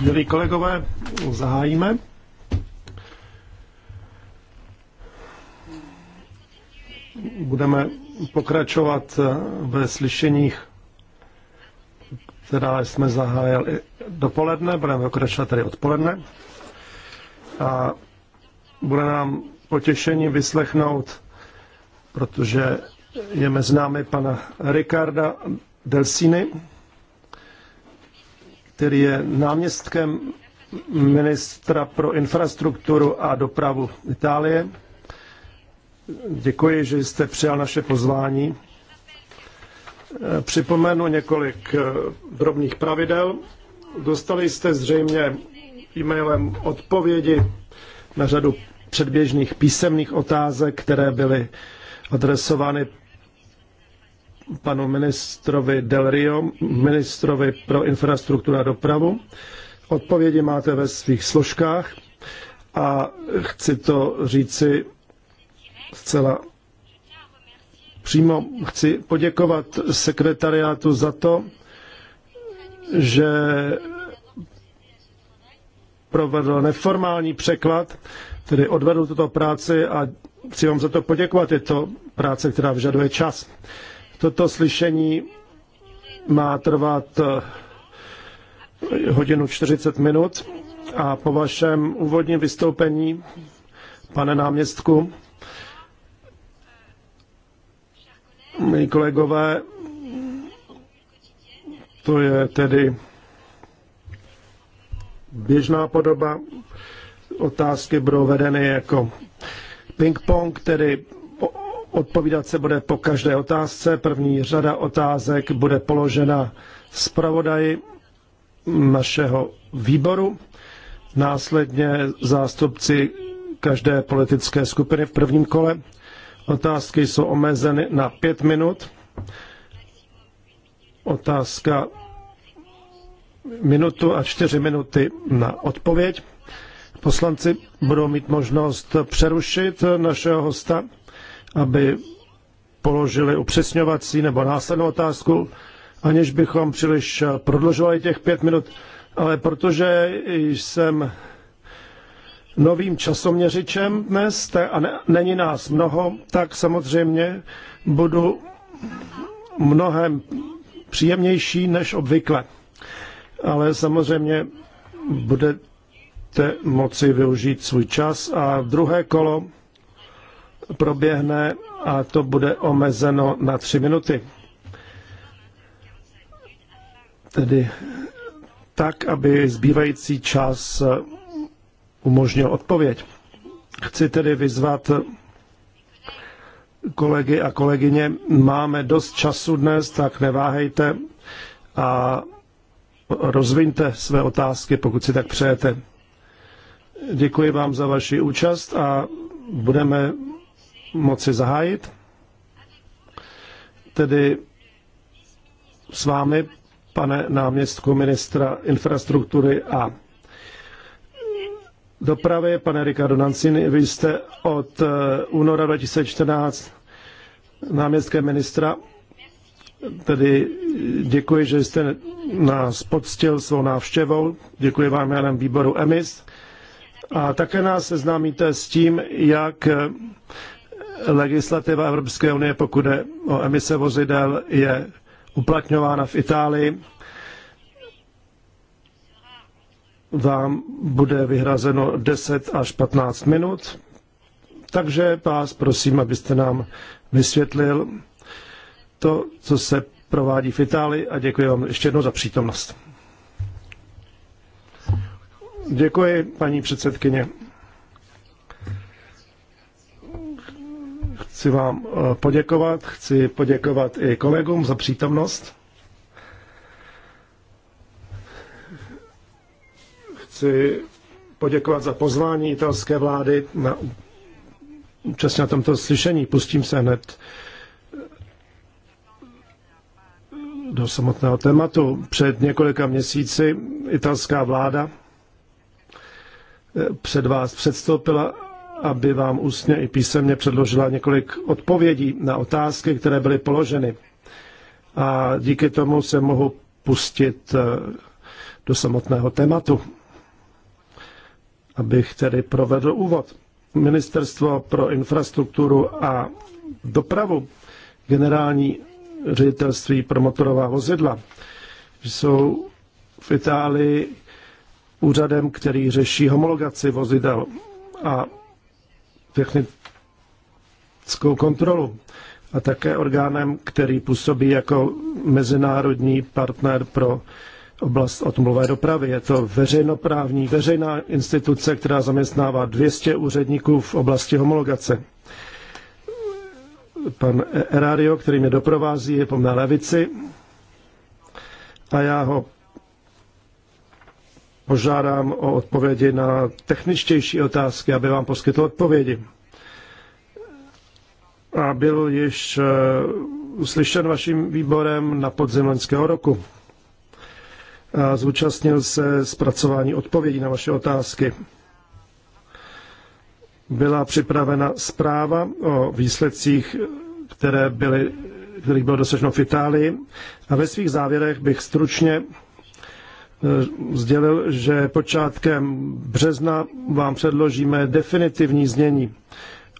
Milí kolegové, zahájíme. Budeme pokračovat ve slyšeních, která jsme zahájili dopoledne, budeme pokračovat tady odpoledne. A bude nám potěšení vyslechnout, protože je mezi námi pana Ricarda Delsiny, který je náměstkem ministra pro infrastrukturu a dopravu Itálie. Děkuji, že jste přijal naše pozvání. Připomenu několik eh, drobných pravidel. Dostali jste zřejmě e-mailem odpovědi na řadu předběžných písemných otázek, které byly adresovány panu ministrovi Del Rio, ministrovi pro infrastrukturu a dopravu. Odpovědi máte ve svých složkách a chci to říci zcela přímo. Chci poděkovat sekretariátu za to, že provedl neformální překlad, tedy odvedl tuto práci a chci vám za to poděkovat. Je to práce, která vyžaduje čas. Toto slyšení má trvat eh, hodinu 40 minut a po vašem úvodním vystoupení, pane náměstku, milí kolegové, to je tedy běžná podoba. Otázky budou vedeny jako ping-pong, tedy Odpovídat se bude po každé otázce. První řada otázek bude položena zpravodaji našeho výboru, následně zástupci každé politické skupiny v prvním kole. Otázky jsou omezeny na pět minut. Otázka minutu a čtyři minuty na odpověď. Poslanci budou mít možnost přerušit našeho hosta aby položili upřesňovací nebo následnou otázku, aniž bychom příliš prodlužovali těch pět minut, ale protože jsem novým časoměřičem dnes a ne, není nás mnoho, tak samozřejmě budu mnohem příjemnější než obvykle. Ale samozřejmě budete moci využít svůj čas a druhé kolo proběhne a to bude omezeno na tři minuty. Tedy tak, aby zbývající čas umožnil odpověď. Chci tedy vyzvat kolegy a kolegyně, máme dost času dnes, tak neváhejte a rozviňte své otázky, pokud si tak přejete. Děkuji vám za vaši účast a budeme moci zahájit. Tedy s vámi, pane náměstku ministra infrastruktury a dopravy, pane Ricardo Nancini, vy jste od eh, února 2014 náměstkem ministra. Tedy děkuji, že jste nás poctil svou návštěvou. Děkuji vám jménem výboru EMIS. A také nás seznámíte s tím, jak legislativa Evropské unie, pokud je o emise vozidel, je uplatňována v Itálii. Vám bude vyhrazeno 10 až 15 minut, takže vás prosím, abyste nám vysvětlil to, co se provádí v Itálii a děkuji vám ještě jednou za přítomnost. Děkuji, paní předsedkyně. Chci vám eh, poděkovat, chci poděkovat i kolegům za přítomnost. Chci poděkovat za pozvání italské vlády na účast na tomto slyšení. Pustím se hned eh, do samotného tématu. Před několika měsíci italská vláda eh, před vás předstoupila aby vám ústně i písemně předložila několik odpovědí na otázky, které byly položeny. A díky tomu se mohu pustit eh, do samotného tématu, abych tedy provedl úvod. Ministerstvo pro infrastrukturu a dopravu, generální ředitelství pro motorová vozidla, jsou v Itálii úřadem, který řeší homologaci vozidel a technickou kontrolu a také orgánem, který působí jako mezinárodní partner pro oblast automobilové dopravy. Je to veřejnoprávní, veřejná instituce, která zaměstnává 200 úředníků v oblasti homologace. Pan Erario, který mě doprovází, je po mé levici a já ho požádám o odpovědi na techničtější otázky, aby vám poskytl odpovědi. A byl již eh, uslyšen vaším výborem na podzim loňského roku. A zúčastnil se zpracování odpovědí na vaše otázky. Byla připravena zpráva o výsledcích, které byly, kterých bylo dosaženo v Itálii. A ve svých závěrech bych stručně Eh, sdělil, že počátkem března vám předložíme definitivní znění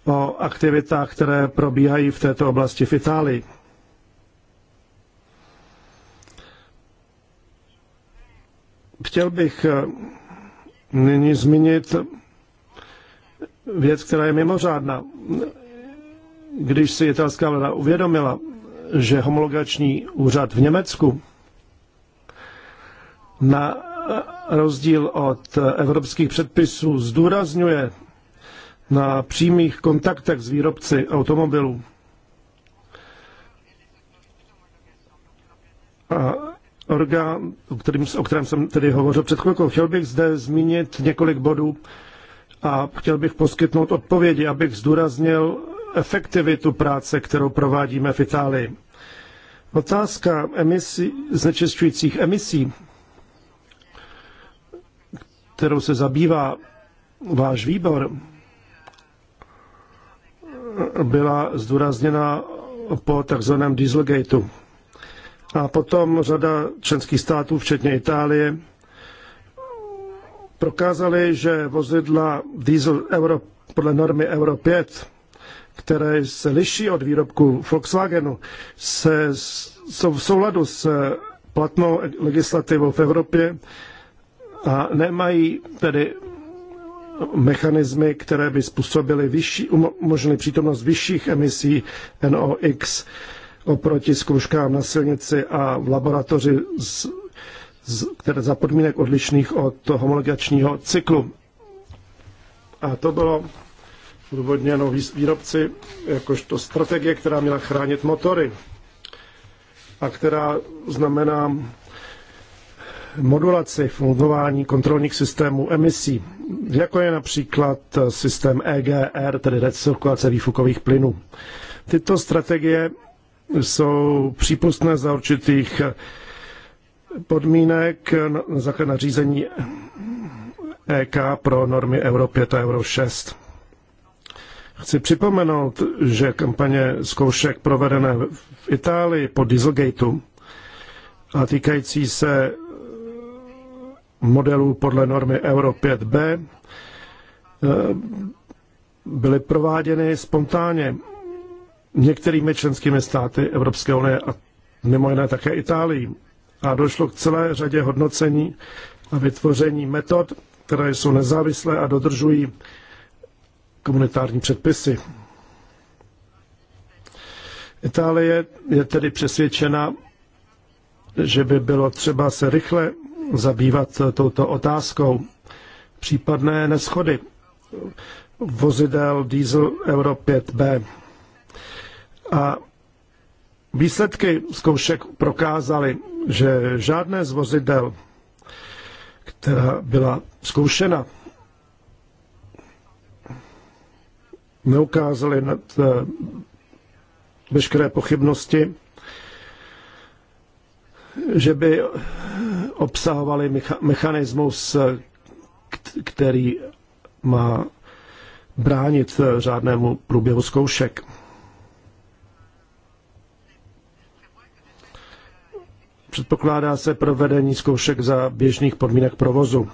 o aktivitách, které probíhají v této oblasti v Itálii. Chtěl bych eh, nyní zmínit věc, která je mimořádná. Když si italská vláda uvědomila, že homologační úřad v Německu na rozdíl od evropských předpisů zdůrazňuje na přímých kontaktech s výrobci automobilů. A orgán, o, kterým, o kterém jsem tedy hovořil před chvilkou, chtěl bych zde zmínit několik bodů a chtěl bych poskytnout odpovědi, abych zdůraznil efektivitu práce, kterou provádíme v Itálii. Otázka emisí, znečišťujících emisí kterou se zabývá váš výbor, byla zdůrazněna po takzvaném Dieselgateu. A potom řada členských států, včetně Itálie, prokázali, že vozidla diesel Euro, podle normy Euro 5, které se liší od výrobku Volkswagenu, se, jsou v souladu s platnou legislativou v Evropě a nemají tedy mechanismy, které by způsobily vyšší, umožnily přítomnost vyšších emisí NOx oproti zkouškám na silnici a v laboratoři, z, z, které za podmínek odlišných od homologačního cyklu. A to bylo odvodněno výrobci jakožto strategie, která měla chránit motory a která znamená modulaci fungování kontrolních systémů emisí, jako je například systém EGR, tedy recirkulace výfukových plynů. Tyto strategie jsou přípustné za určitých podmínek na nařízení EK pro normy Euro 5 a Euro 6. Chci připomenout, že kampaně zkoušek provedené v Itálii po Dieselgateu a týkající se modelů podle normy Euro 5b eh, byly prováděny spontánně některými členskými státy Evropské unie a mimo jiné také Itálií. A došlo k celé řadě hodnocení a vytvoření metod, které jsou nezávislé a dodržují komunitární předpisy. Itálie je tedy přesvědčena, že by bylo třeba se rychle zabývat touto otázkou. Případné neschody vozidel diesel Euro 5B. A výsledky zkoušek prokázaly, že žádné z vozidel, která byla zkoušena, neukázaly nad eh, veškeré pochybnosti že by obsahovali mechanismus, který má bránit řádnému průběhu zkoušek. Předpokládá se provedení zkoušek za běžných podmínek provozu.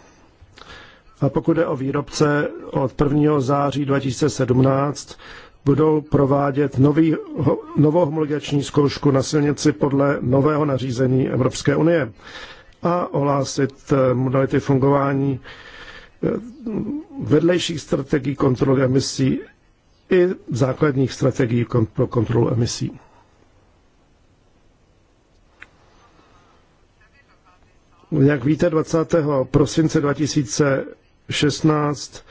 A pokud je o výrobce, od 1. září 2017 budou provádět nový, novou homologační zkoušku na silnici podle nového nařízení Evropské unie a ohlásit eh, modality fungování eh, vedlejších strategií kontroly emisí i základních strategií pro kontrolu emisí. Jak víte, 20. prosince 2016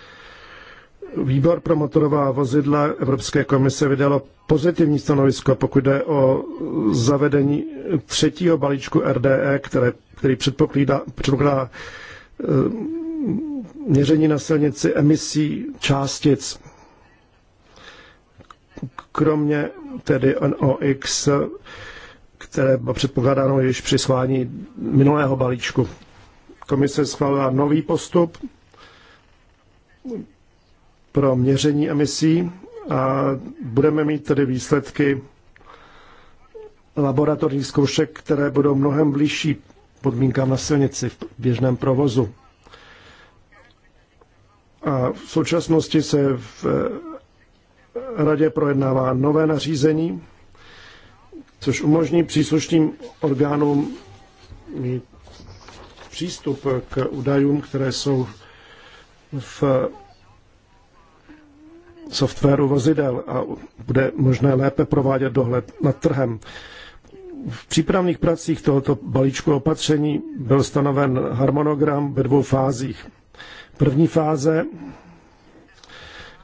Výbor pro motorová vozidla Evropské komise vydalo pozitivní stanovisko, pokud jde o zavedení třetího balíčku RDE, které, který předpokládá, předpokládá eh, měření na silnici emisí částic. Kromě tedy NOx, které bylo předpokládáno již při svání minulého balíčku. Komise schválila nový postup, pro měření emisí a budeme mít tedy výsledky laboratorních zkoušek, které budou mnohem blížší podmínkám na silnici v běžném provozu. A v současnosti se v eh, radě projednává nové nařízení, což umožní příslušným orgánům mít přístup k údajům, které jsou v softwaru vozidel a bude možné lépe provádět dohled nad trhem. V přípravných pracích tohoto balíčku opatření byl stanoven harmonogram ve dvou fázích. První fáze,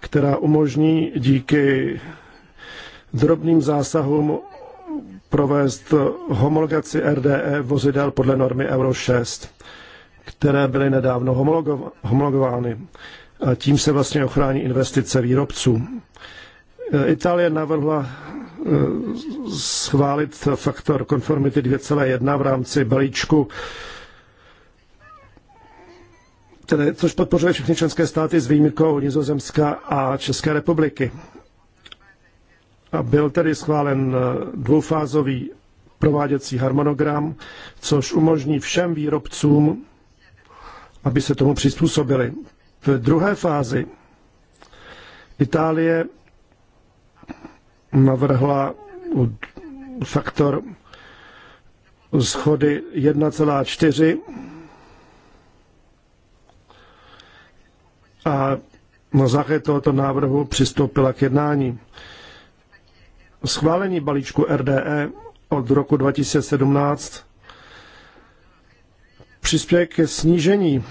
která umožní díky drobným zásahům provést homologaci RDE vozidel podle normy Euro 6, které byly nedávno homologovány a tím se vlastně ochrání investice výrobců. E, Itálie navrhla e, schválit faktor konformity 2,1 v rámci balíčku, tedy, což podpořuje všechny členské státy s výjimkou Nizozemska a České republiky. A byl tedy schválen e, dvoufázový prováděcí harmonogram, což umožní všem výrobcům, aby se tomu přizpůsobili. V druhé fázi Itálie navrhla faktor schody 1,4 a na základě tohoto návrhu přistoupila k jednání. Schválení balíčku RDE od roku 2017 přispěje ke snížení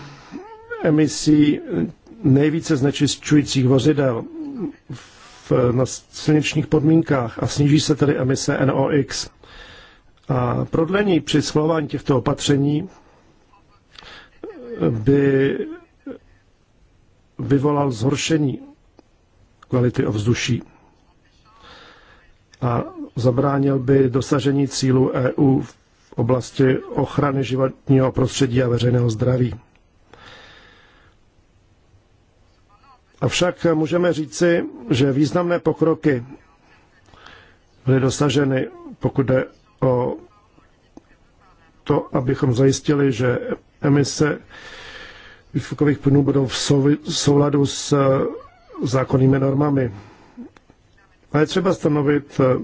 emisí nejvíce znečišťujících vozidel v, na silničních podmínkách a sníží se tedy emise NOx. A prodlení při schvalování těchto opatření by vyvolal zhoršení kvality ovzduší a zabránil by dosažení cílu e EU v oblasti ochrany životního prostředí a veřejného zdraví. Avšak můžeme říci, že významné pokroky byly dosaženy, pokud jde o to, abychom zajistili, že emise výfukových plynů budou v souladu s eh, zákonnými normami. A je třeba stanovit eh,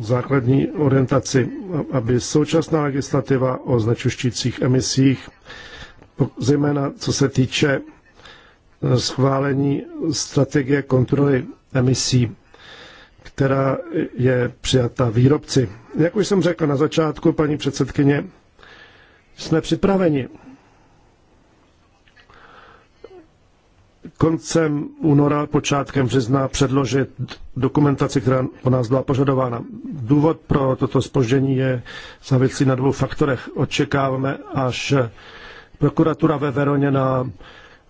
základní orientaci, aby současná legislativa o znečišťujících emisích, zejména co se týče schválení strategie kontroly emisí, která je přijata výrobci. Jak už jsem řekl na začátku, paní předsedkyně, jsme připraveni. Koncem února, počátkem března předložit dokumentaci, která po nás byla požadována. Důvod pro toto spoždění je závislý na dvou faktorech. Očekáváme, až prokuratura ve Veroně na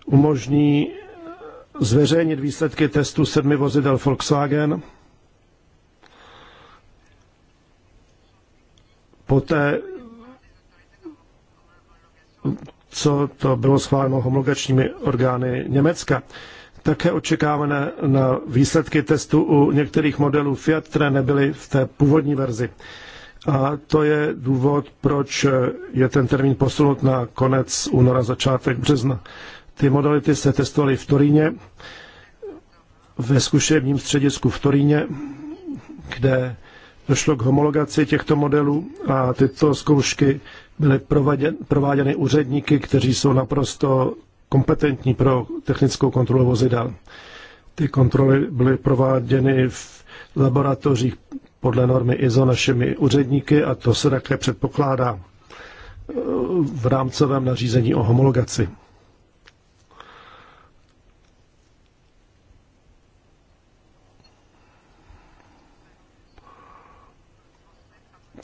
umožní zveřejnit výsledky testu sedmi vozidel Volkswagen. Poté, co to bylo schváleno homologačními orgány Německa. Také očekáváme na výsledky testu u některých modelů Fiat, které nebyly v té původní verzi. A to je důvod, proč je ten termín posunut na konec února, začátek března. Ty modality se testovaly v Toríně, ve zkušebním středisku v Toríně, kde došlo k homologaci těchto modelů a tyto zkoušky byly prováděny úředníky, kteří jsou naprosto kompetentní pro technickou kontrolu vozidel. Ty kontroly byly prováděny v laboratořích podle normy ISO našimi úředníky a to se také předpokládá v rámcovém nařízení o homologaci.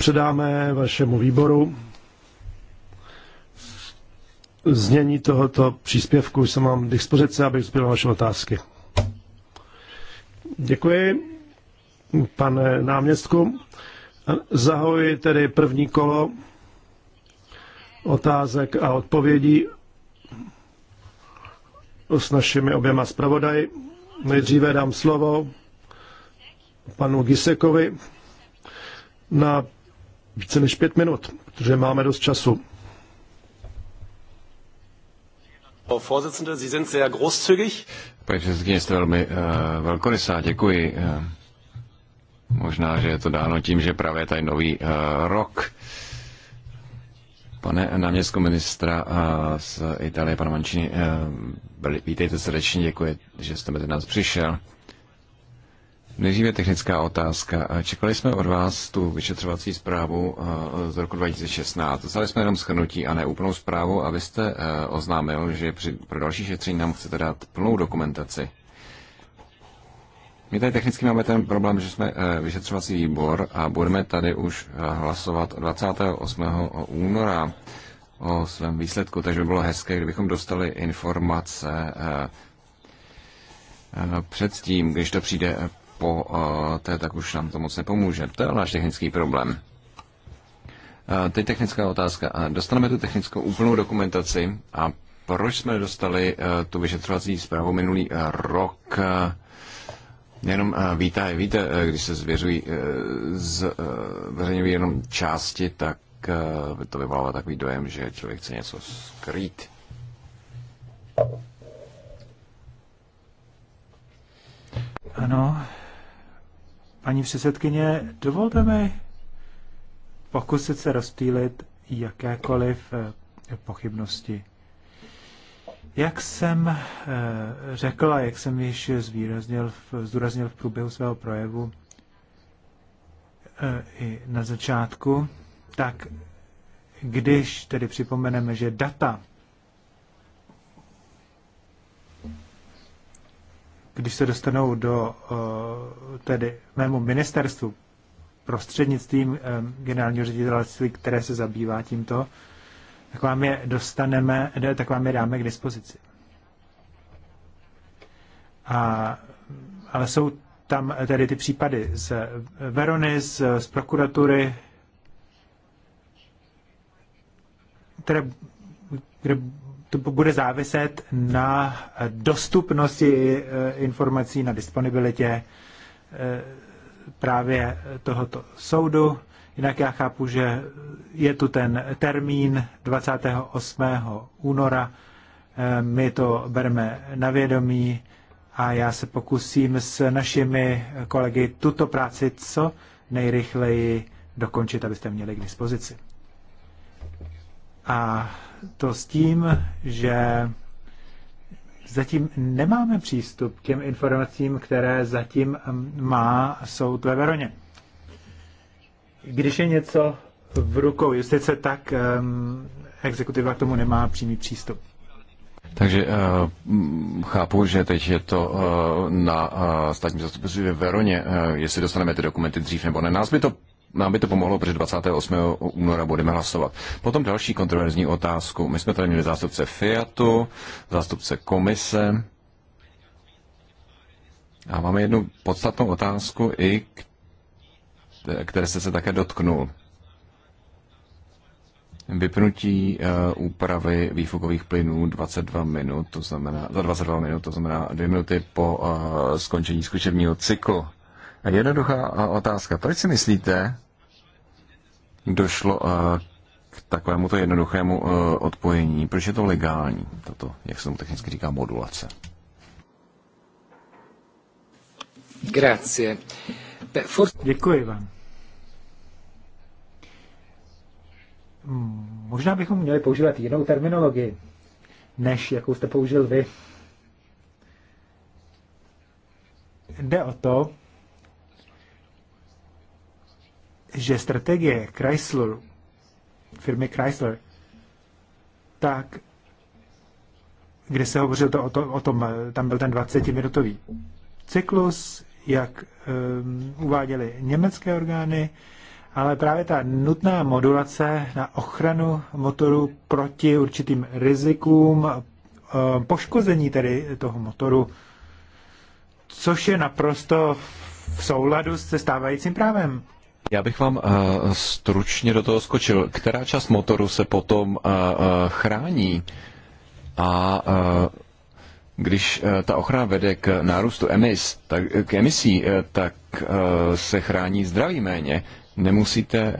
předáme vašemu výboru. Znění tohoto příspěvku jsem mám k dispozici, abych zpěl vaše otázky. Děkuji, pane náměstku. Zahoji tedy první kolo otázek a odpovědí s našimi oběma zpravodaji. Nejdříve dám slovo panu Gisekovi na více než pět minut, protože máme dost času. Pane předsedkyně, jste velmi uh, velkorysá, děkuji. Uh, možná, že je to dáno tím, že právě tady nový uh, rok. Pane náměstku ministra z Itálie, pan Mančini, vítejte srdečně, děkuji, že jste mezi nás přišel. Nejdříve technická otázka. Čekali jsme od vás tu vyšetřovací zprávu z roku 2016. Dostali jsme jenom schrnutí a ne úplnou zprávu a e, oznámil, že při, pro další šetření nám chcete dát plnou dokumentaci. My tady technicky máme ten problém, že jsme e, vyšetřovací výbor a budeme tady už e, hlasovat 28. února o svém výsledku, takže by bylo hezké, kdybychom dostali informace předtím, když to přijde po té, tak už nám to moc nepomůže. To je náš technický problém. Teď technická otázka. Dostaneme tu technickou úplnou dokumentaci a proč jsme dostali e, tu vyšetřovací zprávu minulý e, rok? E, jenom víte, víte, když se zvěřují z, zveřejňují jenom části, tak to vyvolává takový dojem, že člověk chce něco skrýt. Ano, Paní předsedkyně, dovolte mi pokusit se rozptýlit jakékoliv eh, pochybnosti. Jak jsem eh, řekl a jak jsem již zvýraznil, zdůraznil v průběhu svého projevu eh, i na začátku, tak když tedy připomeneme, že data když se dostanou do eh, tedy mému ministerstvu prostřednictvím eh, generálního ředitelství, které se zabývá tímto, tak vám je dostaneme, tak vám je dáme k dispozici. A, ale jsou tam tedy ty případy z Verony, z, z prokuratury, které, kde to bude záviset na dostupnosti eh, informací, na disponibilitě eh, právě tohoto soudu. Jinak já chápu, že je tu ten termín 28. února. Eh, my to bereme na vědomí a já se pokusím s našimi kolegy tuto práci co nejrychleji dokončit, abyste měli k dispozici. A to s tím, že zatím nemáme přístup k těm informacím, které zatím má soud ve Veroně. Když je něco v rukou justice, tak um, exekutiva k tomu nemá přímý přístup. Takže uh, chápu, že teď je to uh, na uh, státním zastupitelství ve Veroně, uh, jestli dostaneme ty dokumenty dřív nebo ne. Nás by to nám by to pomohlo, protože 28. února budeme hlasovat. Potom další kontroverzní otázku. My jsme tady měli zástupce Fiatu, zástupce komise. A máme jednu podstatnou otázku, i které jste se také dotknul. Vypnutí uh, úpravy výfukových plynů 22 minut, to znamená, za 22 minut, to znamená dvě minuty po uh, skončení zkušebního cyklu. A jednoduchá eh, otázka. Proč si myslíte, došlo eh, k takovému to jednoduchému eh, odpojení? Proč je to legální, toto, jak se tomu technicky říká, modulace? Grazie. Děkuji vám. Možná bychom měli používat jinou terminologii, než jakou jste použil vy. Jde o to, že strategie Chrysler, firmy Chrysler, tak kde se hovořilo to, o, to, o tom, tam byl ten 20-minutový cyklus, jak um, uváděly německé orgány, ale právě ta nutná modulace na ochranu motoru proti určitým rizikům, ehm, poškození tedy toho motoru, což je naprosto v souladu se stávajícím právem. Já bych vám eh, stručně do toho skočil. Která část motoru se potom eh, eh, chrání? A když ta ochrana vede k nárůstu emis, tak, k emisí, tak se chrání zdraví méně. Nemusíte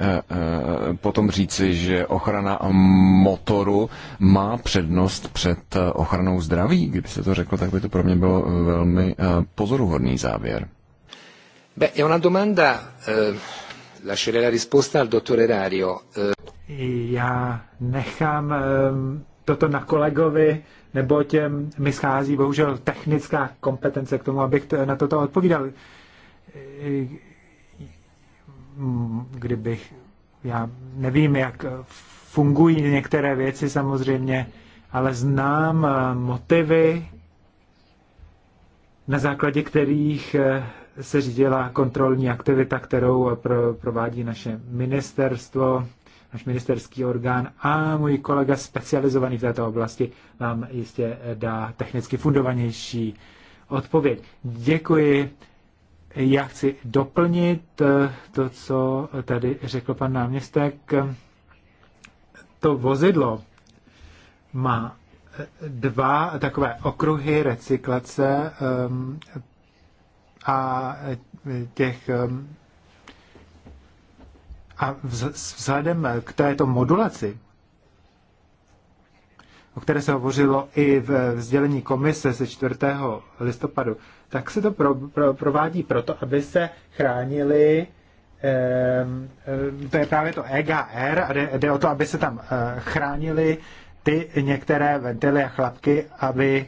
potom říci, že ochrana motoru má přednost před ochranou zdraví. kdyby se to řeklo, tak by to pro mě bylo velmi pozoruhodný závěr. Beh, je ona domanda Uh lascerei la risposta al eh. Já nechám ehm, toto na kolegovi, neboť ehm, mi schází bohužel technická kompetence k tomu, abych na toto odpovídal. Eh, kdybych, já nevím, jak fungují některé věci samozřejmě, ale znám eh, motivy, na základě kterých se řídila kontrolní aktivita, kterou pro, provádí naše ministerstvo, náš ministerský orgán a můj kolega specializovaný v této oblasti vám jistě dá technicky fundovanější odpověď. Děkuji. Já chci doplnit eh, to, co tady řekl pan náměstek. To vozidlo má eh, dva takové okruhy recyklace. Ehm, a e, těch a vzhledem k této modulaci, o které se hovořilo i v vzdělení komise ze 4. listopadu, tak se to pro, pro, provádí proto, aby se chránili to je právě to EGR a jde, jde o to, aby se tam eh, chránili ty některé ventily a chlapky, aby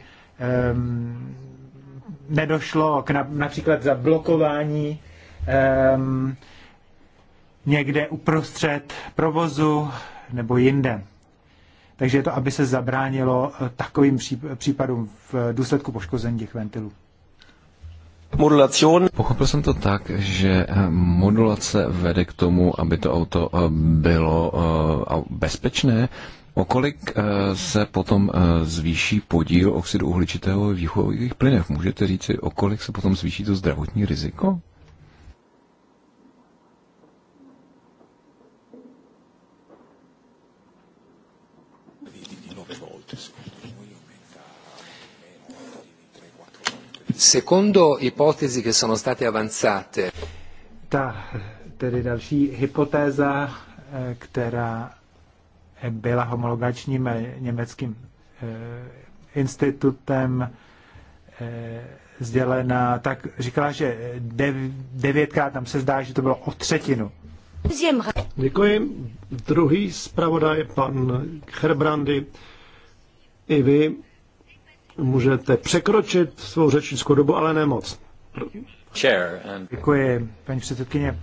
nedošlo k například zablokování um, někde uprostřed provozu nebo jinde. Takže je to, aby se zabránilo eh, takovým případům v důsledku poškození těch ventilů. Modulacion. Pochopil jsem to tak, že eh, modulace vede k tomu, aby to auto eh, bylo bezpečné. O kolik eh, se potom eh, zvýší podíl oxidu uhličitého v výchových plynech? Můžete říci, o kolik se potom zvýší to zdravotní riziko? Secondo ipotesi che sono state avanzate. Ta tedy další hypotéza, eh, která byla homologačním eh, německým eh, institutem eh, sdělena, tak říkala, že dev, devětkrát tam se zdá, že to bylo o třetinu. Děkuji. Druhý zpravodaj, pan Herbrandy. I vy můžete překročit svou řečnickou dobu, ale nemoc. Děkuji, paní předsedkyně.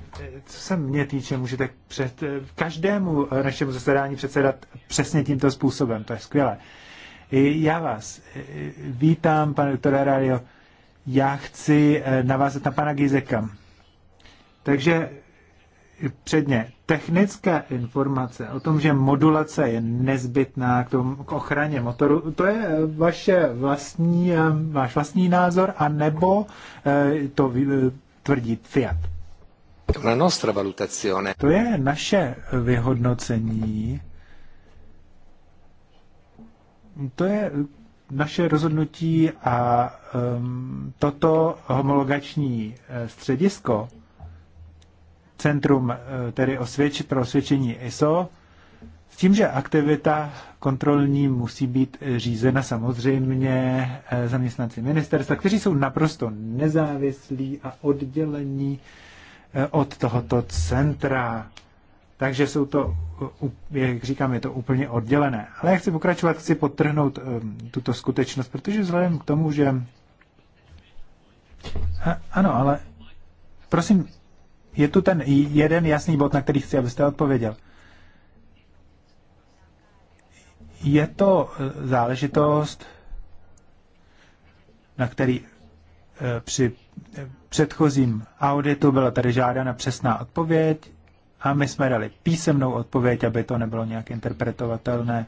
Co se mě týče, můžete před, každému našemu zasedání předsedat přesně tímto způsobem. To je skvělé. Já vás e, vítám, pane doktore Rario. Já chci e, navázat na pana Gizeka. Takže předně technické informace o tom, že modulace je nezbytná k, tomu, k ochraně motoru, to je vaše vlastní, eh, váš vlastní názor, anebo eh, to eh, tvrdí Fiat? To je naše vyhodnocení. To je naše rozhodnutí a um, toto homologační středisko centrum eh, tedy osvědč, pro osvědčení ISO, s tím, že aktivita kontrolní musí být řízena samozřejmě eh, zaměstnanci ministerstva, kteří jsou naprosto nezávislí a oddělení eh, od tohoto centra. Takže jsou to, jak říkám, je to úplně oddělené. Ale já chci pokračovat, chci podtrhnout ehm, tuto skutečnost, protože vzhledem k tomu, že... Ano, ale prosím, je tu ten jeden jasný bod, na který chci, abyste odpověděl. Je to eh, záležitost, na který eh, při eh, předchozím auditu byla tady žádána přesná odpověď a my jsme dali písemnou odpověď, aby to nebylo nějak interpretovatelné.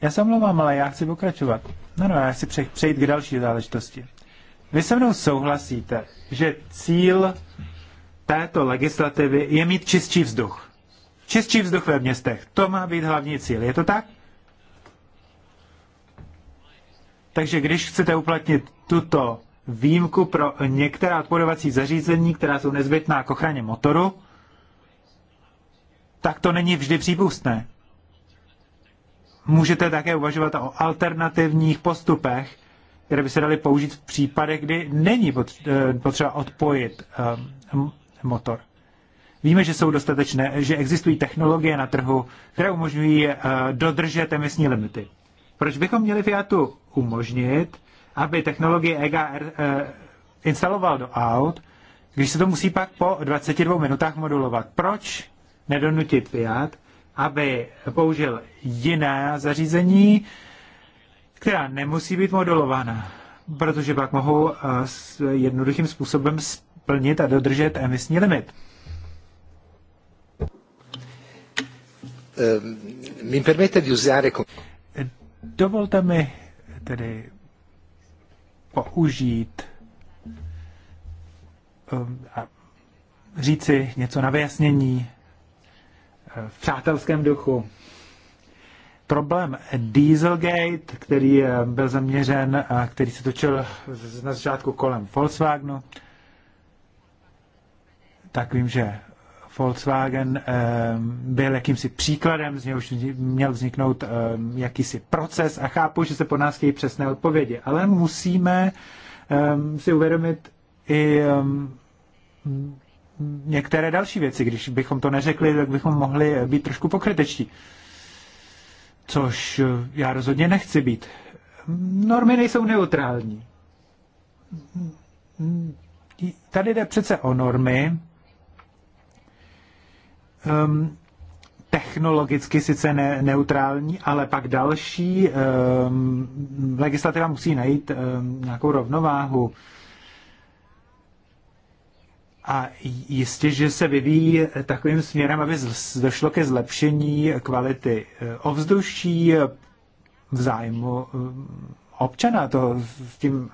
Já se omlouvám, ale já chci pokračovat. No, no, já chci přejít k další záležitosti. Vy se mnou souhlasíte, že cíl této legislativy je mít čistší vzduch. Čistší vzduch ve městech. To má být hlavní cíl. Je to tak? Takže když chcete uplatnit tuto výjimku pro některá odporovací zařízení, která jsou nezbytná k ochraně motoru, tak to není vždy přípustné. Můžete také uvažovat o alternativních postupech, které by se daly použít v případech, kdy není eh, potřeba odpojit eh, motor. Víme, že jsou dostatečné, že existují technologie na trhu, které umožňují eh, dodržet emisní limity. Proč bychom měli Fiatu umožnit, aby technologie EGR eh, instaloval do aut, když se to musí pak po 22 minutách modulovat? Proč nedonutit Fiat, aby použil jiná zařízení, která nemusí být modulována? Protože pak mohou eh, jednoduchým způsobem plnit a dodržet emisní limit. Ehm, Dovolte mi tedy použít ehm, a říci něco na vyjasnění eh, v přátelském duchu. Problém Dieselgate, který eh, byl zaměřen a který se točil na začátku kolem Volkswagenu, tak vím, že Volkswagen eh, byl jakýmsi příkladem, z něhož měl vzniknout eh, jakýsi proces a chápu, že se po nás chtějí přesné odpovědi, ale musíme eh, si uvědomit i některé další věci. Když bychom to neřekli, tak bychom mohli být trošku pokrytečtí. Což já rozhodně nechci být. Normy nejsou neutrální. Tady jde přece o normy, um, technologicky sice ne, neutrální, ale pak další um, legislativa musí najít um, nějakou rovnováhu. A jistě, že se vyvíjí takovým směrem, aby došlo ke zlepšení kvality eh, ovzduší v zájmu občana. To s tím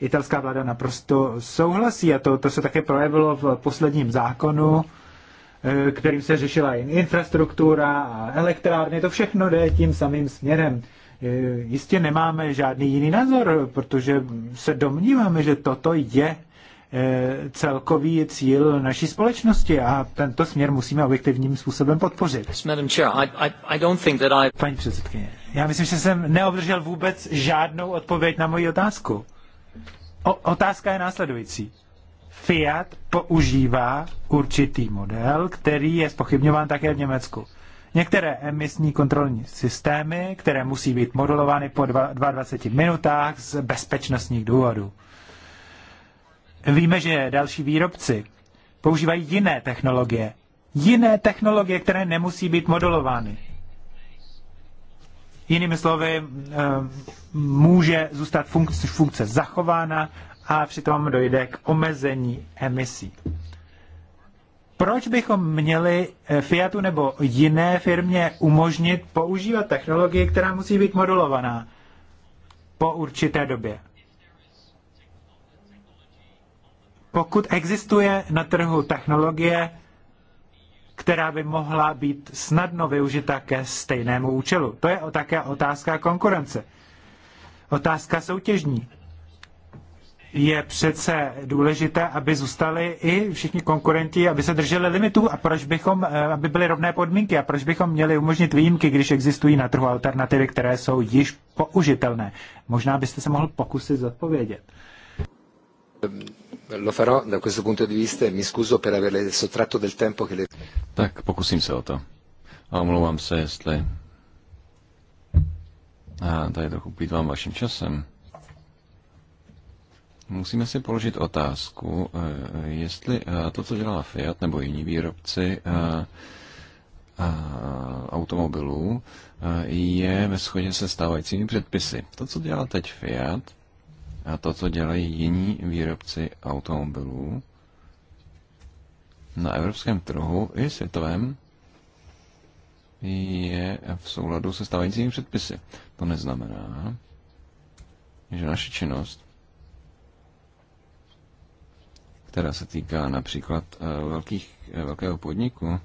italská vláda naprosto souhlasí a to, to se také projevilo v posledním zákonu Eh, kterým se řešila infrastruktura a elektrárny, to všechno jde tím samým směrem. Eh, jistě nemáme žádný jiný názor, protože se domníváme, že toto je eh, celkový cíl naší společnosti a tento směr musíme objektivním způsobem podpořit. Paní předsedkyně, já myslím, že jsem neobdržel vůbec žádnou odpověď na moji otázku. O, otázka je následující. Fiat používá určitý model, který je spochybňován také v Německu. Některé emisní kontrolní systémy, které musí být modulovány po 22 minutách z bezpečnostních důvodů. Víme, že další výrobci používají jiné technologie. Jiné technologie, které nemusí být modulovány. Jinými slovy, eh, může zůstat funkce zachována a přitom dojde k omezení emisí. Proč bychom měli eh, Fiatu nebo jiné firmě umožnit používat technologii, která musí být modulovaná po určité době? Pokud existuje na trhu technologie, která by mohla být snadno využita ke stejnému účelu. To je také otázka konkurence. Otázka soutěžní je přece důležité, aby zůstali i všichni konkurenti, aby se drželi limitů a proč bychom, eh, aby byly rovné podmínky a proč bychom měli umožnit výjimky, když existují na trhu alternativy, které jsou již použitelné. Možná byste se mohl pokusit zodpovědět. Ehm, lo farò da questo punto di vista e mi scuso per averle sottratto del tempo che le... Tak, pokusím se o to. A omlouvám se, jestli... A tady trochu plýtvám vaším časem. Musíme si položit otázku, eh, jestli eh, to, co dělala Fiat nebo jiní výrobci eh, automobilů, je ve shodě se stávajícími předpisy. To, co dělá teď Fiat a to, co dělají jiní výrobci automobilů na evropském trhu i světovém, je v souladu se stávajícími předpisy. To neznamená, že naše činnost která se týká například eh, velkých, eh, velkého podniku,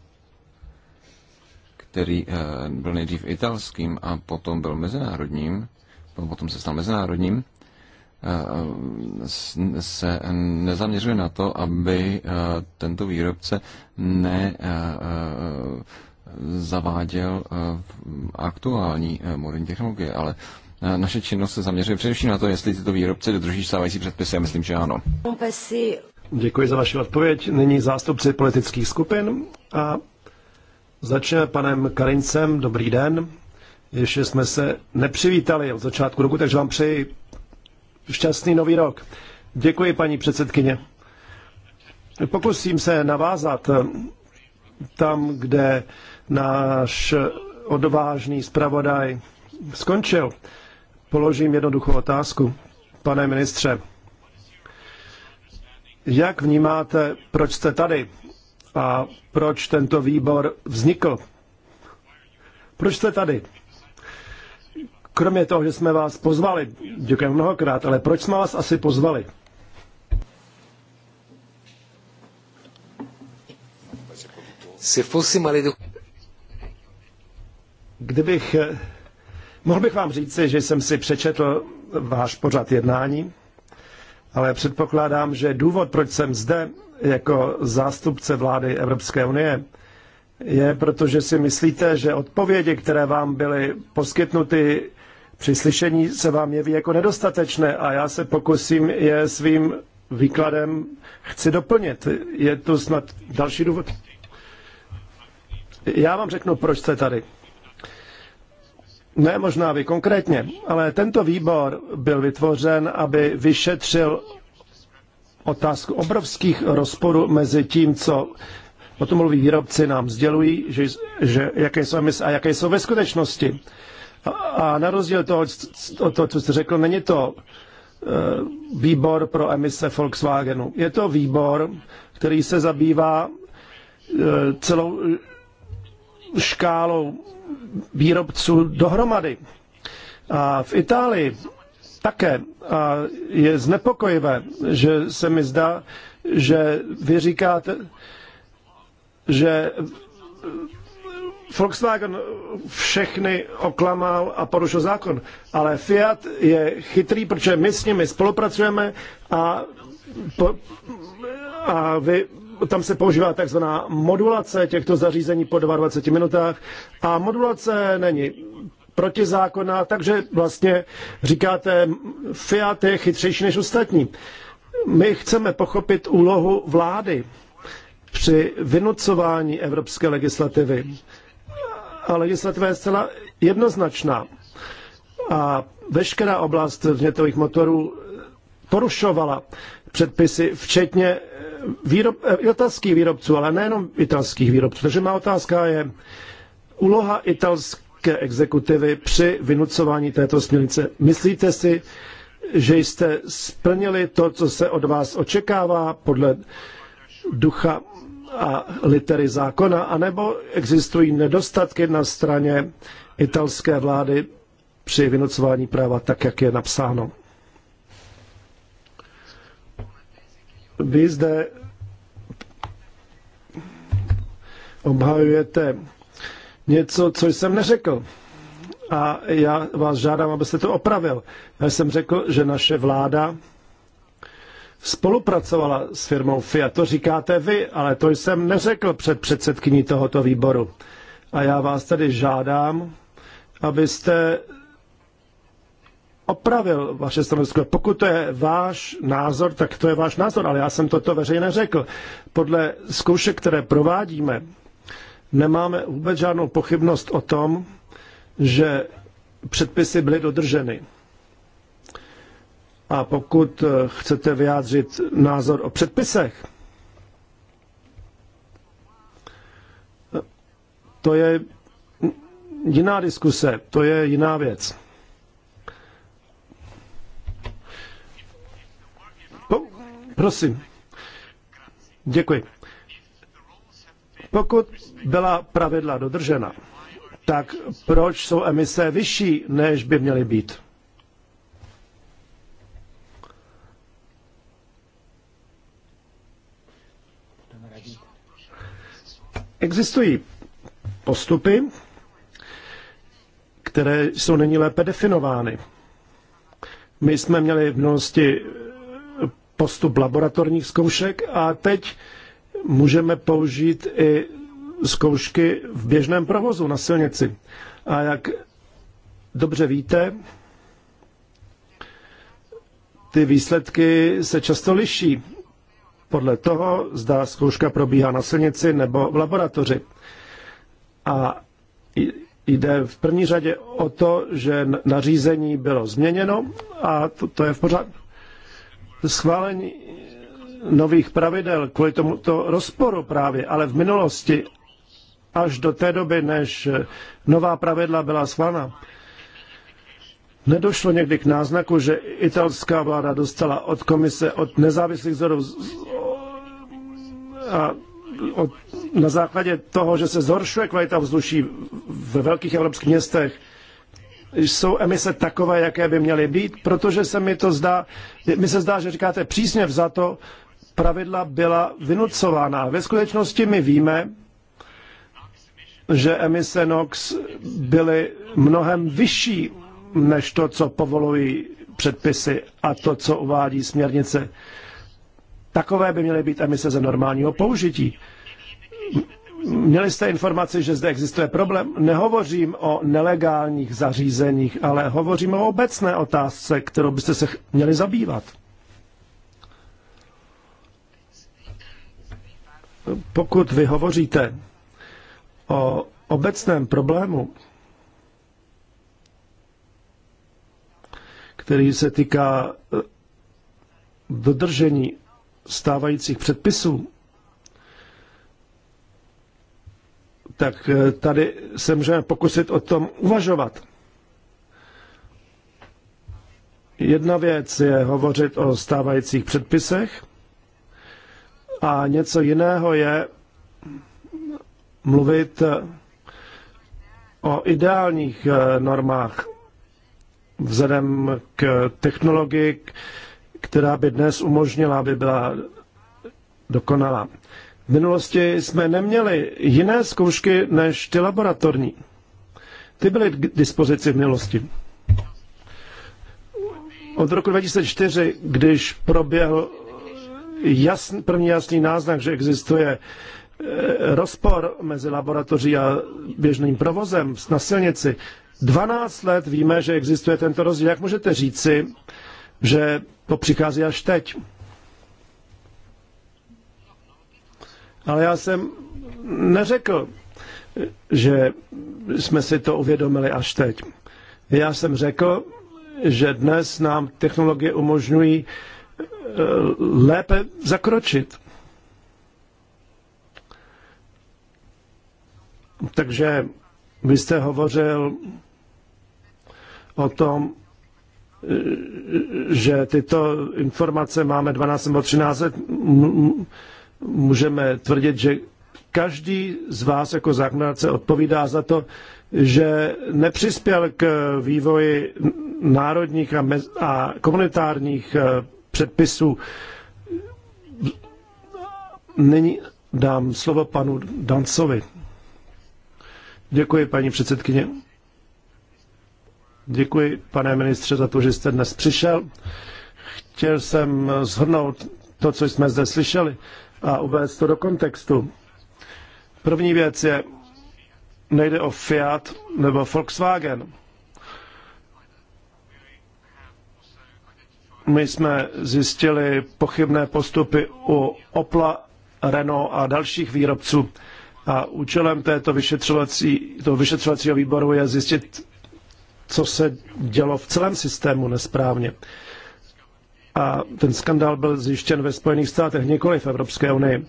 který eh, byl nejdřív italským a potom byl mezinárodním, potom se stal mezinárodním, se nezaměřuje na to, aby tento výrobce ne zaváděl aktuální moderní technologie, ale naše činnost se zaměřuje především na to, jestli tyto výrobce dodrží stávající předpisy. Já myslím, že ano. Děkuji za vaši odpověď. Nyní zástupci politických skupin a začneme panem Karincem. Dobrý den. Ještě jsme se nepřivítali od začátku roku, takže vám přeji šťastný nový rok. Děkuji, paní předsedkyně. Pokusím se navázat tam, kde náš odvážný zpravodaj skončil. Položím jednoduchou otázku. Pane ministře, jak vnímáte, proč jste tady a proč tento výbor vznikl? Proč jste tady? Kromě toho, že jsme vás pozvali, děkujeme mnohokrát, ale proč jsme vás asi pozvali? Kdybych, eh, mohl bych vám říci, že jsem si přečetl váš pořad jednání, ale předpokládám, že důvod, proč jsem zde jako zástupce vlády Evropské unie, je, protože si myslíte, že odpovědi, které vám byly poskytnuty při slyšení, se vám jeví jako nedostatečné a já se pokusím je svým výkladem chci doplnit. Je to snad další důvod. Já vám řeknu, proč jste tady. Ne možná vy konkrétně, ale tento výbor byl vytvořen, aby vyšetřil otázku obrovských rozporů mezi tím, co automobiloví výrobci nám sdělují, že, že jaké jsou emise a jaké jsou ve skutečnosti. A, a na rozdíl toho, od to, co jste řekl, není to e, výbor pro emise Volkswagenu. Je to výbor, který se zabývá e, celou e, škálou výrobců dohromady. A v Itálii také a je znepokojivé, že se mi zdá, že vy říkáte, že Volkswagen všechny oklamal a porušil zákon, ale Fiat je chytrý, protože my s nimi spolupracujeme a, po, a vy tam se používá takzvaná modulace těchto zařízení po 22 minutách a modulace není protizákonná, takže vlastně říkáte, Fiat je chytřejší než ostatní. My chceme pochopit úlohu vlády při vynucování evropské legislativy. A legislativa je zcela jednoznačná. A veškerá oblast vnětových motorů porušovala předpisy, včetně výrob, eh, italských výrobců, ale nejenom italských výrobců. Takže má otázka je úloha italské exekutivy při vynucování této směrnice. Myslíte si, že jste splnili to, co se od vás očekává podle ducha a litery zákona, anebo existují nedostatky na straně italské vlády při vynucování práva tak, jak je napsáno? Vy zde obhajujete něco, co jsem neřekl. A já vás žádám, abyste to opravil. Já jsem řekl, že naše vláda spolupracovala s firmou Fiat. To říkáte vy, ale to jsem neřekl před předsedkyní tohoto výboru. A já vás tedy žádám, abyste opravil vaše stanovisko. Pokud to je váš názor, tak to je váš názor, ale já jsem toto veřejně řekl. Podle zkoušek, které provádíme, nemáme vůbec žádnou pochybnost o tom, že předpisy byly dodrženy. A pokud eh, chcete vyjádřit názor o předpisech, eh, to je jiná diskuse, to je jiná věc. Prosím. Děkuji. Pokud byla pravidla dodržena, tak proč jsou emise vyšší, než by měly být? Existují postupy, které jsou nyní lépe definovány. My jsme měli v minulosti postup laboratorních zkoušek a teď můžeme použít i zkoušky v běžném provozu na silnici. A jak dobře víte, ty výsledky se často liší podle toho, zda zkouška probíhá na silnici nebo v laboratoři. A jde v první řadě o to, že nařízení bylo změněno a to, to je v pořádku schválení nových pravidel kvůli tomuto rozporu právě, ale v minulosti až do té doby, než nová pravidla byla schválena, Nedošlo někdy k náznaku, že italská vláda dostala od komise, od nezávislých vzorů a od, na základě toho, že se zhoršuje kvalita vzduší ve velkých evropských městech, jsou emise takové, jaké by měly být, protože se mi to zdá, mi se zdá, že říkáte přísně to, pravidla byla vynucována. Ve skutečnosti my víme, že emise NOx byly mnohem vyšší než to, co povolují předpisy a to, co uvádí směrnice. Takové by měly být emise ze normálního použití. Měli jste informaci, že zde existuje problém. Nehovořím o nelegálních zařízeních, ale hovořím o obecné otázce, kterou byste se měli zabývat. Pokud vy hovoříte o obecném problému, který se týká eh, dodržení stávajících předpisů, tak eh, tady se můžeme pokusit o tom uvažovat. Jedna věc je hovořit o stávajících předpisech a něco jiného je mluvit eh, o ideálních eh, normách vzhledem k technologii, která by dnes umožnila, aby byla dokonalá. V minulosti jsme neměli jiné zkoušky než ty laboratorní. Ty byly k dispozici v minulosti. Od roku 2004, když proběhl jasný, první jasný náznak, že existuje e, rozpor mezi laboratoří a běžným provozem na silnici. 12 let víme, že existuje tento rozdíl. Jak můžete říci, že to přichází až teď? Ale já jsem neřekl, že jsme si to uvědomili až teď. Já jsem řekl, že dnes nám technologie umožňují eh, lépe zakročit. Takže vy jste hovořil o tom, eh, že tyto informace máme 12 nebo 13 let, můžeme tvrdit, že každý z vás jako zákonodárce odpovídá za to, že nepřispěl k vývoji národních a, mez- a komunitárních eh, předpisů. Nyní dám slovo panu Dancovi. Děkuji, paní předsedkyně. Děkuji, pane ministře, za to, že jste dnes přišel. Chtěl jsem zhrnout to, co jsme zde slyšeli a uvést to do kontextu. První věc je, nejde o Fiat nebo Volkswagen. My jsme zjistili pochybné postupy u Opla, Renault a dalších výrobců. A účelem této vyšetřovací, toho vyšetřovacího výboru je zjistit, co se dělo v celém systému nesprávně. A ten skandál byl zjištěn ve Spojených státech, nikoli v Evropské unii.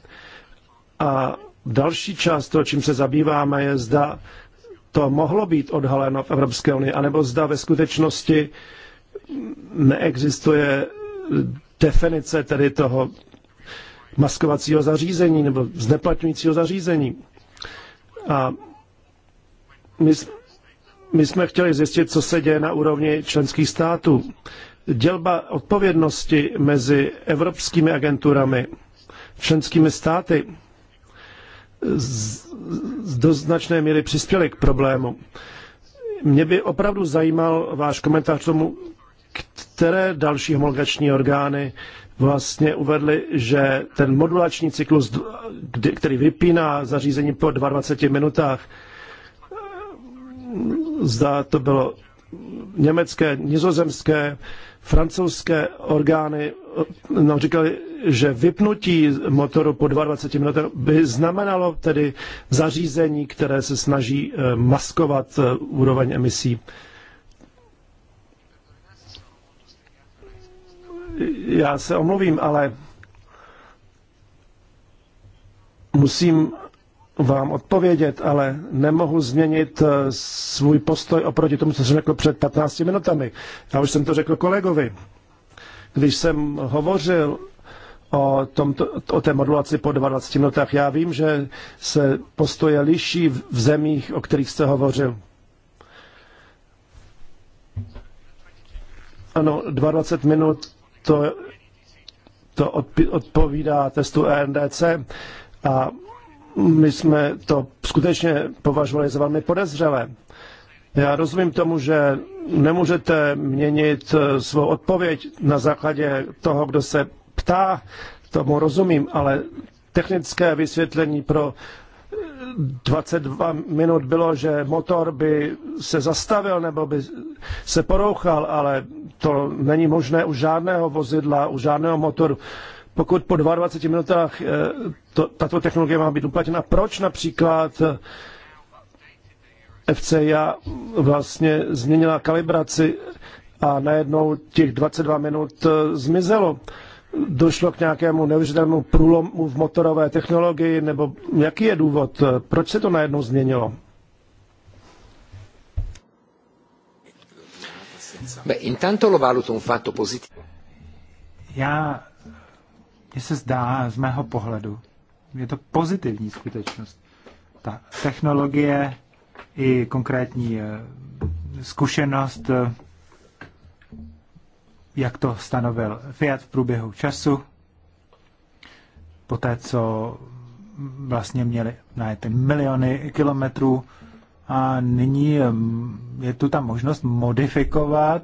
A další část toho, čím se zabýváme, je zda to mohlo být odhaleno v Evropské unii, anebo zda ve skutečnosti neexistuje definice tedy toho maskovacího zařízení nebo zneplatňujícího zařízení. A my, my jsme chtěli zjistit, co se děje na úrovni členských států dělba odpovědnosti mezi evropskými agenturami, členskými státy z, z, do značné míry přispěly k problému. Mě by opravdu zajímal váš komentář tomu, které další homologační orgány vlastně uvedly, že ten modulační cyklus, který vypíná zařízení po 22 minutách, zda to bylo německé, nizozemské, Francouzské orgány eh, nám říkali, že vypnutí motoru po 22 minutách by znamenalo tedy zařízení, které se snaží eh, maskovat eh, úroveň emisí. Já se omluvím, ale musím vám odpovědět, ale nemohu změnit eh, svůj postoj oproti tomu, co jsem řekl před 15 minutami. Já už jsem to řekl kolegovi. Když jsem hovořil o, tomto, o té modulaci po 12 minutách, já vím, že se postoje liší v zemích, o kterých jste hovořil. Ano, 20 minut to, to odpovídá testu ENDC a my jsme to skutečně považovali za velmi podezřelé. Já rozumím tomu, že nemůžete měnit eh, svou odpověď na základě toho, kdo se ptá, tomu rozumím, ale technické vysvětlení pro 22 eh, minut bylo, že motor by se zastavil nebo by se porouchal, ale to není možné u žádného vozidla, u žádného motoru pokud po 22 minutách eh, to, tato technologie má být uplatněna, proč například eh, FCIA vlastně změnila kalibraci a najednou těch 22 minut eh, zmizelo? Došlo k nějakému neuvěřitelnému průlomu v motorové technologii, nebo jaký je důvod? Proč se to najednou změnilo? intanto lo valuto un fatto positivo. Já mně se zdá, z mého pohledu, je to pozitivní skutečnost. Ta technologie i konkrétní eh, zkušenost, eh, jak to stanovil Fiat v průběhu času, poté co vlastně měli ty miliony kilometrů a nyní eh, je tu ta možnost modifikovat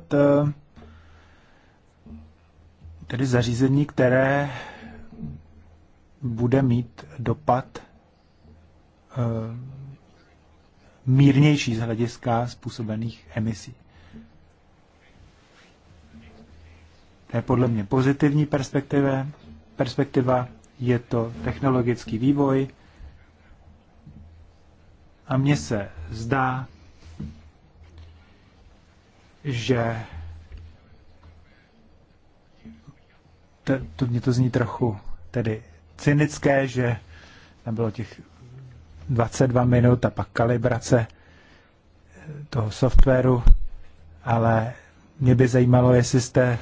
tedy zařízení, které bude mít dopad eh, mírnější z hlediska způsobených emisí. To je podle mě pozitivní perspektiva. perspektiva. Je to technologický vývoj. A mně se zdá, že to, to mě to zní trochu tedy cynické, že tam bylo těch 22 minut a pak kalibrace toho softwaru, ale mě by zajímalo, jestli jste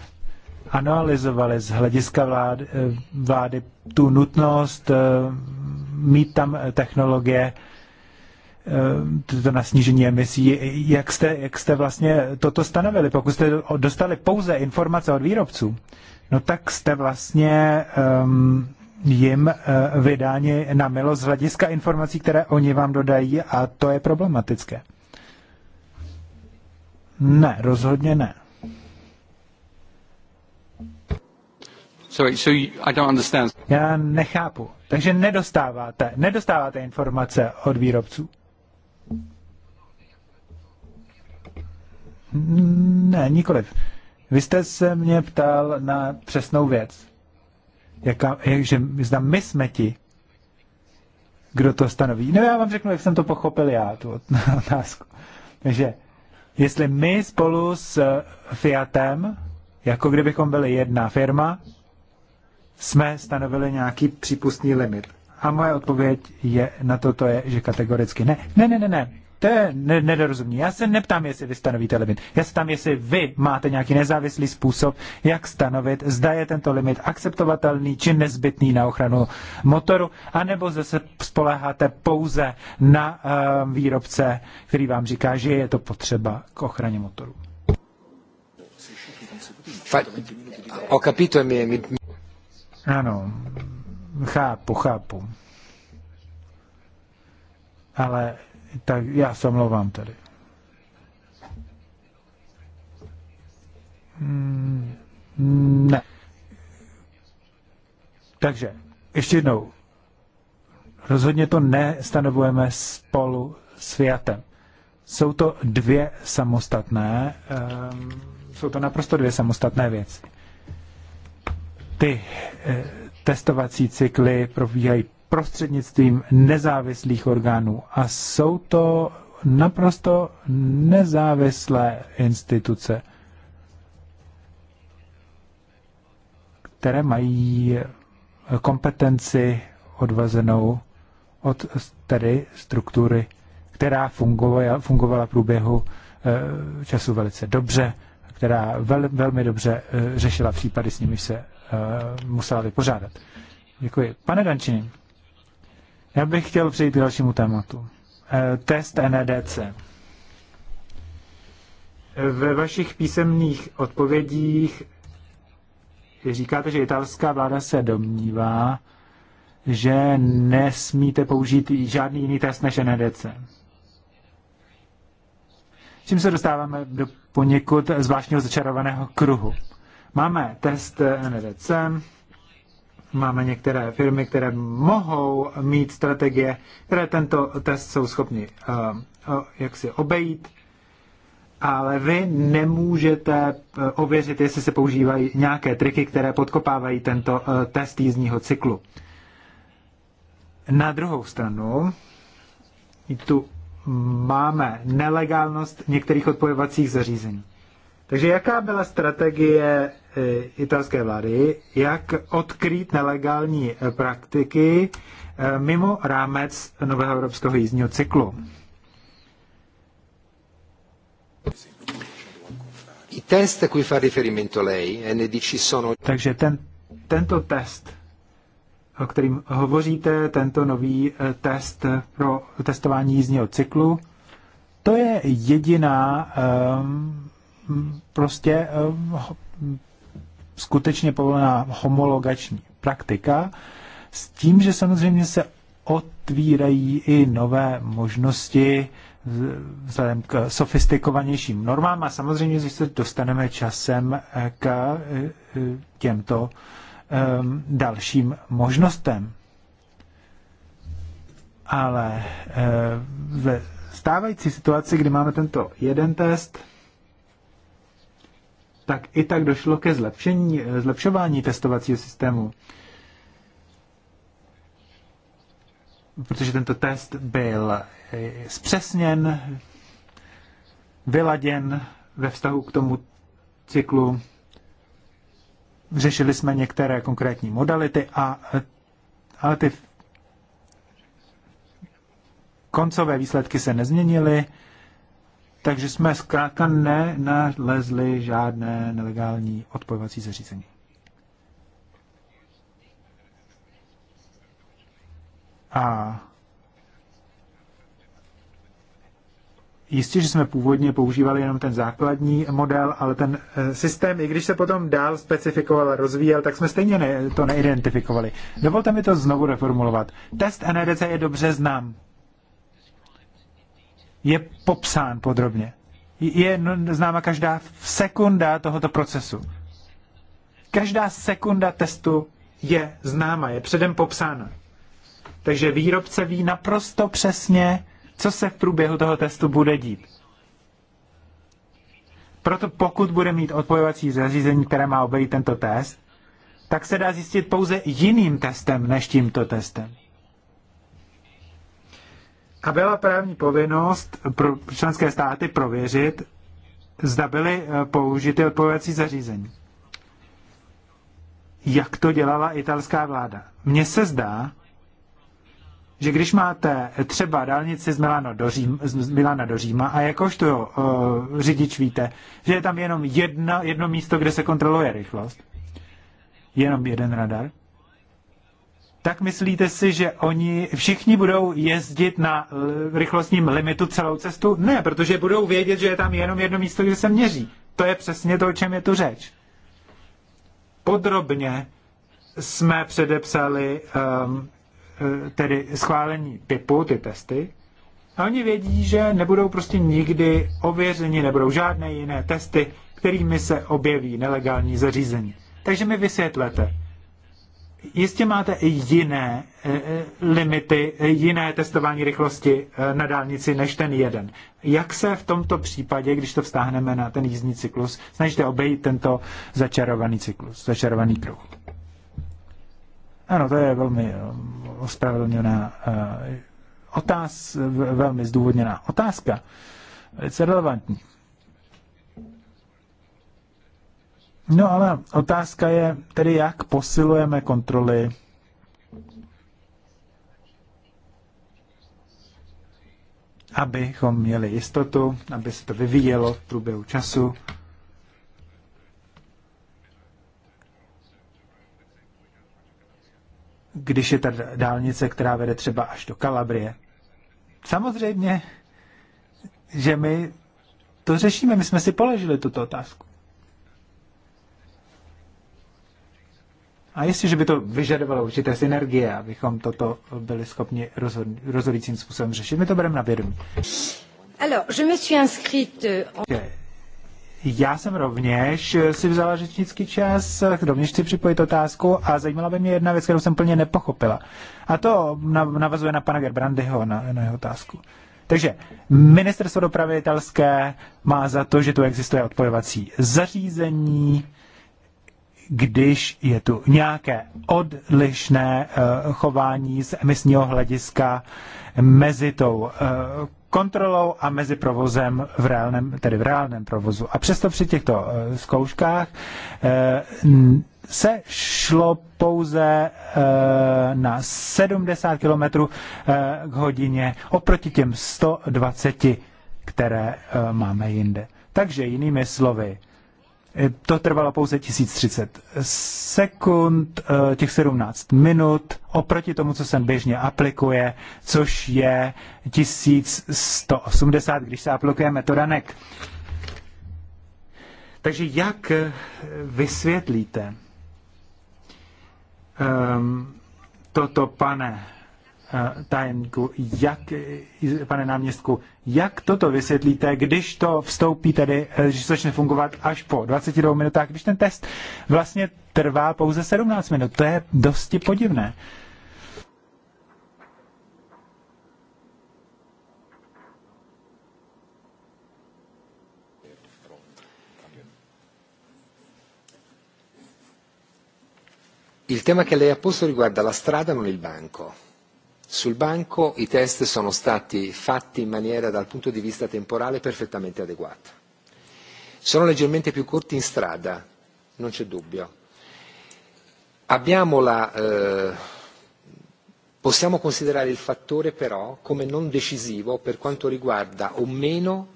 analyzovali z hlediska vlády, vlády tu nutnost eh, mít tam eh, technologie eh, to na snížení emisí. Jak jste, jak jste vlastně toto stanovili? Pokud jste dostali pouze informace od výrobců, no tak jste vlastně um, jim eh, vydáni na milost z hlediska informací, které oni vám dodají a to je problematické. Ne, rozhodně ne. Sorry, so I don't understand. Já nechápu. Takže nedostáváte, nedostáváte informace od výrobců. Ne, nikoliv. Vy jste se mě ptal na přesnou věc jaká, jak, že zda my jsme ti, kdo to stanoví. No já vám řeknu, jak jsem to pochopil já, tu otázku. Takže jestli my spolu s eh, Fiatem, jako kdybychom byli jedna firma, jsme stanovili nějaký přípustný limit. A moje odpověď je na toto je, že kategoricky ne. Ne, ne, ne, ne. To je nedorozumění. Já se neptám, jestli vy stanovíte limit. Já se tam, jestli vy máte nějaký nezávislý způsob, jak stanovit, zda je tento limit akceptovatelný či nezbytný na ochranu motoru, anebo zase spoleháte pouze na uh, výrobce, který vám říká, že je to potřeba k ochraně motoru. Ano, chápu, chápu. Ale tak já se omlouvám tady. Hmm, ne. Takže, ještě jednou. Rozhodně to nestanovujeme spolu s Fiatem. Jsou to dvě samostatné, um, jsou to naprosto dvě samostatné věci. Ty eh, testovací cykly probíhají prostřednictvím nezávislých orgánů. A jsou to naprosto nezávislé instituce, které mají kompetenci odvazenou od tedy struktury, která fungovala, fungovala v průběhu eh, času velice dobře, která vel, velmi dobře eh, řešila případy, s nimi se eh, musela vypořádat. Děkuji. Pane Dančiny, já bych chtěl přejít k dalšímu tématu. Eh, test NEDC. Ve vašich písemných odpovědích říkáte, že italská vláda se domnívá, že nesmíte použít žádný jiný test než NEDC. Čím se dostáváme do poněkud zvláštního začarovaného kruhu. Máme test NEDC, Máme některé firmy, které mohou mít strategie, které tento test jsou schopni uh, jak si obejít, ale vy nemůžete eh, ověřit, jestli se používají nějaké triky, které podkopávají tento eh, test jízdního cyklu. Na druhou stranu, tu máme nelegálnost některých odpojovacích zařízení. Takže jaká byla strategie E, italské vlády, jak odkrýt nelegální e, praktiky e, mimo rámec nového evropského jízdního cyklu. Takže ten, tento test, o kterým hovoříte, tento nový test pro testování jízdního cyklu, to je jediná um, prostě um, skutečně povolená homologační praktika, s tím, že samozřejmě se otvírají i nové možnosti vzhledem k sofistikovanějším normám a samozřejmě, že se dostaneme časem k eh, těmto ehm, dalším možnostem. Ale eh, ve stávající situaci, kdy máme tento jeden test, tak i tak došlo ke zlepšení, zlepšování testovacího systému. Protože tento test byl eh, zpřesněn, vyladěn ve vztahu k tomu cyklu. Řešili jsme některé konkrétní modality, a, eh, ale ty koncové výsledky se nezměnily. Takže jsme zkrátka nenalezli žádné nelegální odpojovací zařízení. A Jistě, že jsme původně používali jenom ten základní model, ale ten eh, systém, i když se potom dál specifikoval, rozvíjel, tak jsme stejně ne, to neidentifikovali. Dovolte mi to znovu reformulovat. Test NDC e je dobře znám je popsán podrobně. Je no- známa každá sekunda tohoto procesu. Každá sekunda testu je známa, je předem popsána. Takže výrobce ví naprosto přesně, co se v průběhu toho testu bude dít. Proto pokud bude mít odpojovací zařízení, které má obejít tento test, tak se dá zjistit pouze jiným testem než tímto testem. A byla právní povinnost pro členské státy prověřit, zda byly eh, použity odpovědací zařízení. Jak to dělala italská vláda? Mně se zdá, že když máte třeba dálnici z, Milano do Řím, z Milana do Říma a jakožto uh, řidič víte, že je tam jenom jedno, jedno místo, kde se kontroluje rychlost, jenom jeden radar, tak myslíte si, že oni všichni budou jezdit na eh, rychlostním limitu celou cestu? Ne, protože budou vědět, že je tam jenom jedno místo, kde se měří. To je přesně to, o čem je tu řeč. Podrobně jsme předepsali um, tedy schválení typu, ty testy, a oni vědí, že nebudou prostě nikdy ověřeni, nebudou žádné jiné testy, kterými se objeví nelegální zařízení. Takže mi vysvětlete, Jistě máte i jiné eh, eh, limity, eh, jiné testování rychlosti na dálnici než ten jeden. Jak se v tomto případě, když to vztáhneme na ten jízdní cyklus, snažíte obejít tento začarovaný cyklus, začarovaný kruh? Ano, to je velmi ospravedlněná otázka, velmi zdůvodněná otázka, velice relevantní. No ale otázka je tedy, jak posilujeme kontroly abychom měli jistotu, aby se to vyvíjelo v průběhu času. Když je ta dálnice, která vede třeba až do Kalabrie. Samozřejmě, že my to řešíme, my jsme si položili tuto otázku. A jestliže by to vyžadovalo určité synergie, abychom toto byli schopni rozhodujícím způsobem řešit, my to bereme na vědomí. Euh, Já jsem rovněž eh, si vzala řečnický čas, eh, rovněž chci připojit otázku a zajímala by mě jedna věc, kterou jsem plně nepochopila. A to navazuje na pana Gerbrandyho, na, na jeho otázku. Takže ministerstvo dopravy italské má za to, že tu existuje odpojovací zařízení, když je tu nějaké odlišné eh, chování z emisního hlediska mezi tou eh, kontrolou a mezi provozem v reálném, tedy v reálném provozu. A přesto při těchto eh, zkouškách se šlo pouze na 70 km k hodině oproti těm 120, které máme jinde. Takže jinými slovy, Eh, to trvalo pouze 1030 sekund, eh, těch 17 minut, oproti tomu, co se běžně aplikuje, což je 1180, když se aplikuje metoda NEC. Takže jak eh, vysvětlíte um, toto, pane Eh, tajemníku, jak, pane náměstku, jak toto vysvětlíte, když to vstoupí tedy, eh, že začne fungovat až po 22 minutách, když ten test vlastně trvá pouze 17 minut. To je dosti podivné. Il tema che lei ha posto riguarda la strada, non il banco. Sul banco i test sono stati fatti in maniera, dal punto di vista temporale, perfettamente adeguata. Sono leggermente più corti in strada, non c'è dubbio. Abbiamo la, eh, possiamo considerare il fattore però come non decisivo per quanto riguarda o meno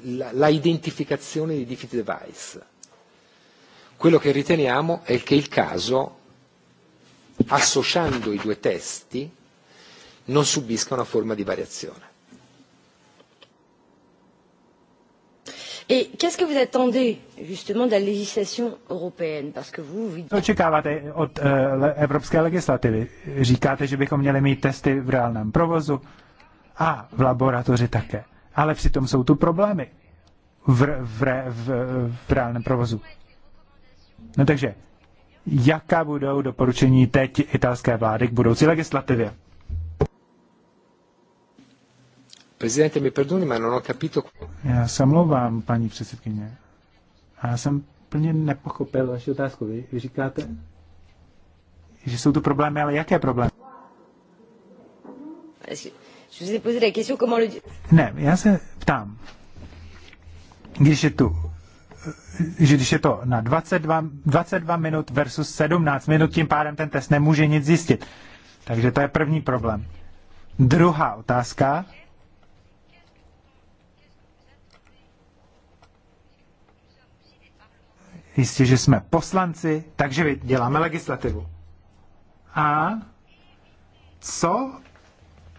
la, la identificazione di defeat device. Quello che riteniamo è che il caso, associando i due testi, non subisca una forma di variazione. E qu'est-ce que vous attendez justement de la législation européenne Parce que vous, vous... Očekáváte od uh, evropské legislativy. Říkáte, že bychom měli mít testy v reálném provozu a v laboratoři také. Ale přitom jsou tu problémy v, v, v, v reálném provozu. No takže, jaká budou doporučení teď italské vlády k budoucí legislativě? Presidente, mi perdoni, ma non ho capito. Já se mluvám, paní předsedkyně. A Já jsem plně nepochopil vaši otázku. Vy, vy říkáte, že jsou tu problémy, ale jaké problémy? Ne, já se ptám, když je tu, že když je to na 22, 22 minut versus 17 minut, tím pádem ten test nemůže nic zjistit. Takže to je první problém. Druhá otázka Jistě, že jsme poslanci, takže děláme legislativu. A co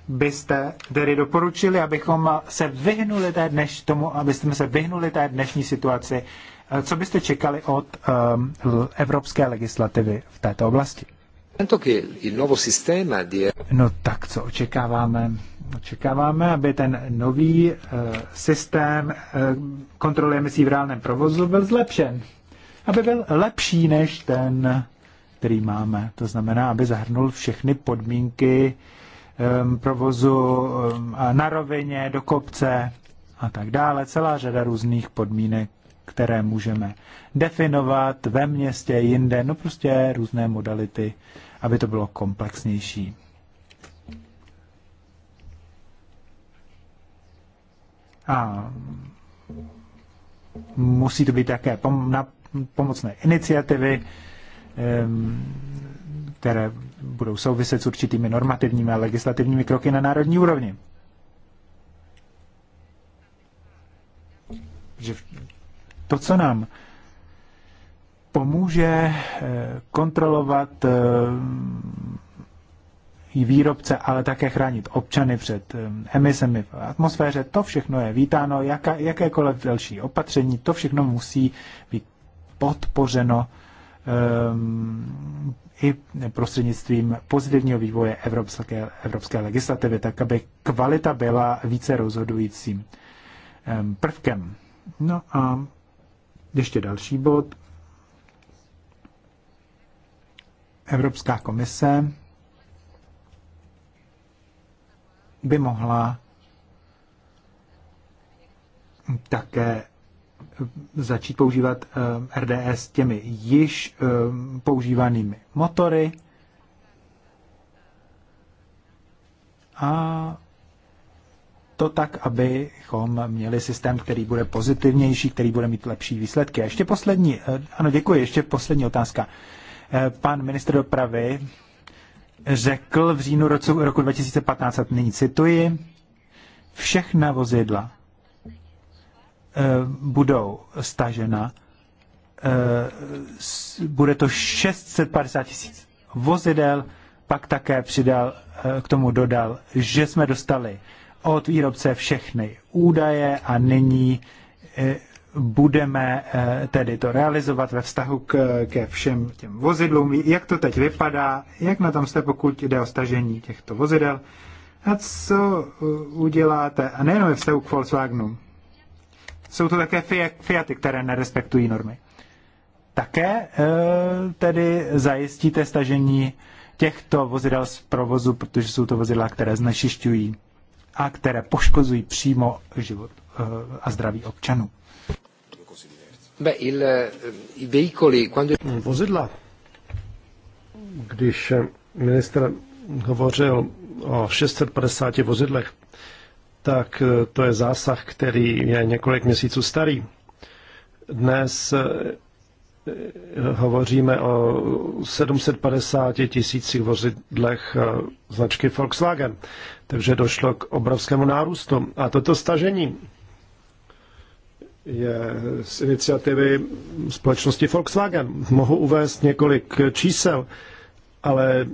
byste tedy doporučili, abychom se vyhnuli té dneš, tomu, abyste se vyhnuli té dnešní situaci? Eh, co byste čekali od um, evropské legislativy v této oblasti? No tak co očekáváme? Očekáváme, aby ten nový uh, systém uh, kontroly emisí v reálném provozu byl zlepšen aby byl lepší než ten, který máme. To znamená, aby zahrnul všechny podmínky um, provozu um, na rovině, do kopce a tak dále. Celá řada různých podmínek, které můžeme definovat ve městě, jinde, no prostě různé modality, aby to bylo komplexnější. A musí to být také na pomocné iniciativy, které budou souviset s určitými normativními a legislativními kroky na národní úrovni. Že to, co nám pomůže eh, kontrolovat eh, výrobce, ale také chránit občany před eh, emisemi v atmosféře. To všechno je vítáno, jaká, jakékoliv další opatření, to všechno musí být podpořeno ehm, i prostřednictvím pozitivního vývoje evropské, evropské legislativy, tak aby kvalita byla více rozhodujícím ehm, prvkem. No a ještě další bod. Evropská komise by mohla také začít používat eh, RDS těmi již eh, používanými motory. A to tak, abychom měli systém, který bude pozitivnější, který bude mít lepší výsledky. A ještě poslední, eh, ano, děkuji, ještě poslední otázka. Pan ministr dopravy řekl v říjnu roku 2015, nyní cituji, všechna vozidla Eh, budou stažena, eh, bude to 650 tisíc vozidel, pak také přidal, eh, k tomu dodal, že jsme dostali od výrobce všechny údaje a nyní budeme tedy to realizovat ve vztahu k, ke všem těm vozidlům, jak to teď vypadá, jak na tom jste, pokud jde o stažení těchto vozidel a co uděláte, a nejenom ve vztahu k Volkswagenu, jsou to také fiaty, které nerespektují normy. Také e, tedy zajistíte stažení těchto vozidel z provozu, protože jsou to vozidla, které znešišťují a které poškozují přímo život e, a zdraví občanů. Eh, vozidla, když minister hovořil o 650 vozidlech, tak eh, to je zásah, který je několik měsíců starý. Dnes eh, hovoříme o 750 tisících vozidlech eh, značky Volkswagen. Takže došlo k obrovskému nárůstu. A toto stažení je z iniciativy společnosti Volkswagen. Mohu uvést několik čísel, ale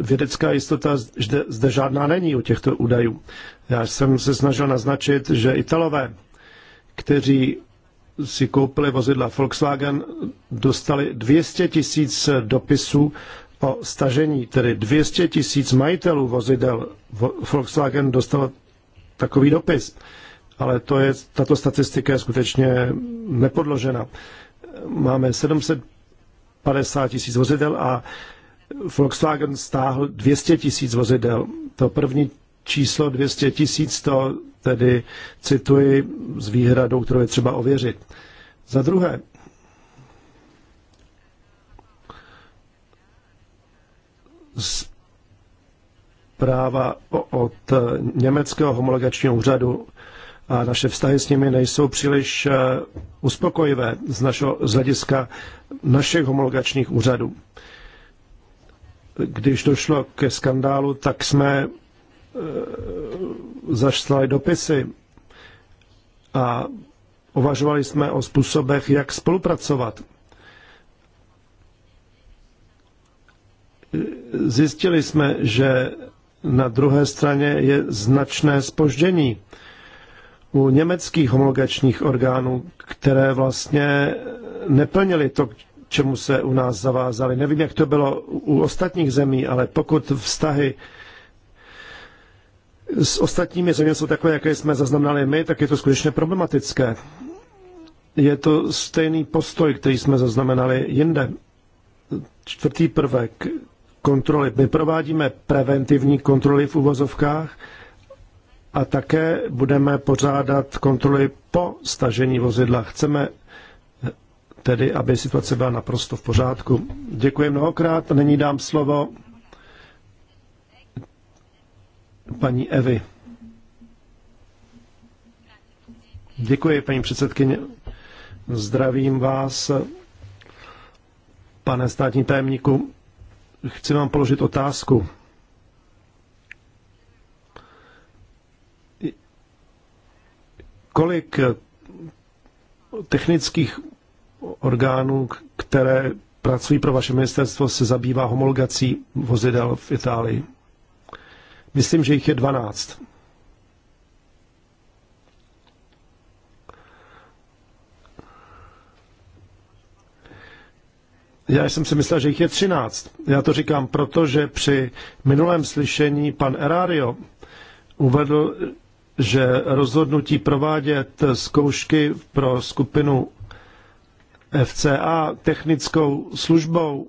vědecká jistota zde, zde žádná není u těchto údajů. Já jsem se snažil naznačit, že Italové, kteří si koupili vozidla Volkswagen, dostali 200 tisíc dopisů o stažení, tedy 200 tisíc majitelů vozidel Volkswagen dostalo takový dopis. Ale to je, tato statistika je skutečně nepodložena. Máme 750 tisíc vozidel a Volkswagen stáhl 200 tisíc vozidel. To první číslo 200 tisíc, to tedy cituji s výhradou, kterou je třeba ověřit. Za druhé, zpráva od německého homologačního úřadu a naše vztahy s nimi nejsou příliš eh, uspokojivé z, našeho, z hlediska našich homologačních úřadů když došlo ke skandálu, tak jsme e, zašlali dopisy a uvažovali jsme o způsobech, jak spolupracovat. Zjistili jsme, že na druhé straně je značné spoždění u německých homologačních orgánů, které vlastně neplnili to, čemu se u nás zavázali. Nevím, jak to bylo u ostatních zemí, ale pokud vztahy s ostatními zeměmi jsou takové, jaké jsme zaznamenali my, tak je to skutečně problematické. Je to stejný postoj, který jsme zaznamenali jinde. Čtvrtý prvek kontroly. My provádíme preventivní kontroly v uvozovkách a také budeme pořádat kontroly po stažení vozidla. Chceme tedy aby situace byla naprosto v pořádku. Děkuji mnohokrát nyní dám slovo paní Evi. Děkuji, paní předsedkyně. Zdravím vás, pane státní tajemníku. Chci vám položit otázku. Kolik technických orgánů, které pracují pro vaše ministerstvo, se zabývá homologací vozidel v Itálii. Myslím, že jich je 12. Já jsem si myslel, že jich je 13. Já to říkám proto, že při minulém slyšení pan Erario uvedl, že rozhodnutí provádět zkoušky pro skupinu FCA technickou službou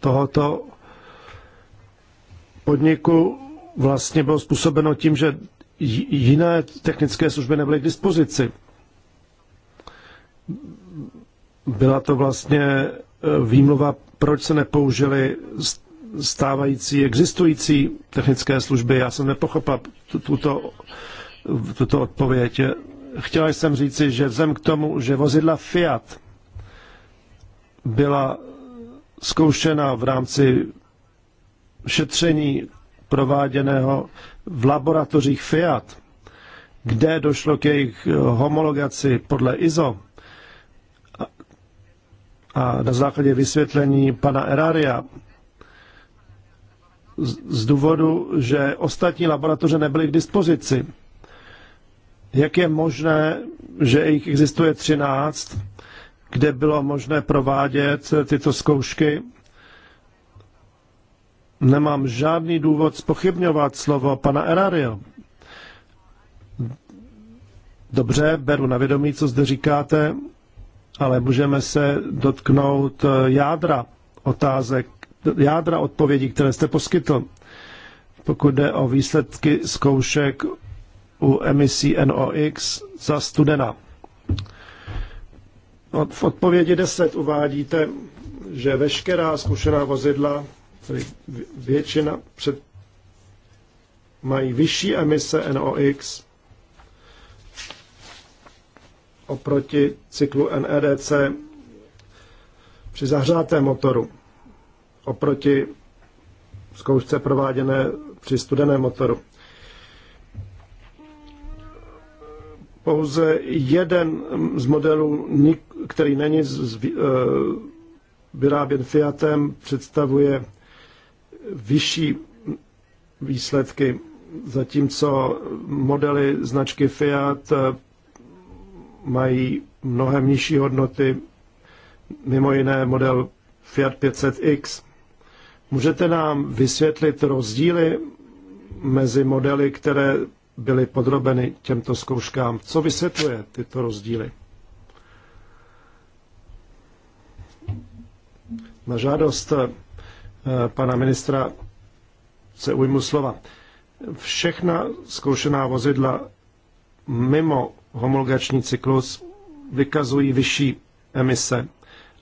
tohoto podniku vlastně bylo způsobeno tím, že jiné technické služby nebyly k dispozici. Byla to vlastně e, výmluva, proč se nepoužily stávající, existující technické služby. Já jsem nepochopil tuto, tuto odpověď chtěl jsem říci, že vzem k tomu, že vozidla Fiat byla zkoušena v rámci šetření prováděného v laboratořích Fiat, kde došlo k jejich homologaci podle ISO a na základě vysvětlení pana Eraria z důvodu, že ostatní laboratoře nebyly k dispozici. Jak je možné, že jich existuje 13, kde bylo možné provádět tyto zkoušky? Nemám žádný důvod spochybňovat slovo pana Erario. Dobře, beru na vědomí, co zde říkáte, ale můžeme se dotknout jádra otázek, jádra odpovědí, které jste poskytl. Pokud jde o výsledky zkoušek u emisí NOx za studena. V odpovědi 10 uvádíte, že veškerá zkušená vozidla, tedy většina před, mají vyšší emise NOx oproti cyklu NEDC při zahřátém motoru, oproti zkoušce prováděné při studeném motoru. pouze jeden z modelů, který není eh, vyráběn Fiatem, představuje vyšší výsledky, zatímco modely značky Fiat eh, mají mnohem nižší hodnoty, mimo jiné model Fiat 500X. Můžete nám vysvětlit rozdíly mezi modely, které byly podrobeny těmto zkouškám. Co vysvětluje tyto rozdíly? Na žádost eh, pana ministra se ujmu slova. Všechna zkoušená vozidla mimo homologační cyklus vykazují vyšší emise,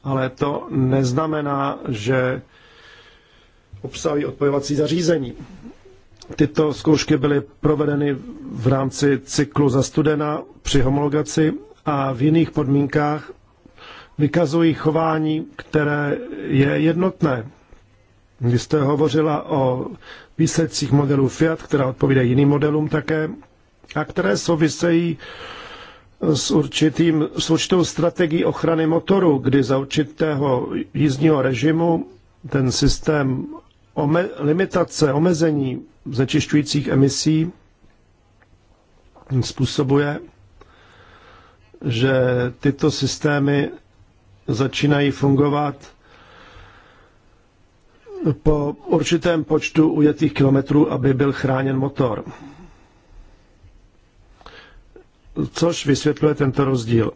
ale to neznamená, že obsahují odpojovací zařízení. Tyto zkoušky byly provedeny v rámci cyklu za studena při homologaci a v jiných podmínkách vykazují chování, které je jednotné. Vy jste hovořila o výsledcích modelů Fiat, která odpovídají jiným modelům také, a které souvisejí s, určitým, s určitou strategií ochrany motoru, kdy za určitého jízdního režimu ten systém ome- limitace, omezení znečišťujících emisí způsobuje, že tyto systémy začínají fungovat po určitém počtu ujetých kilometrů, aby byl chráněn motor. Což vysvětluje tento rozdíl.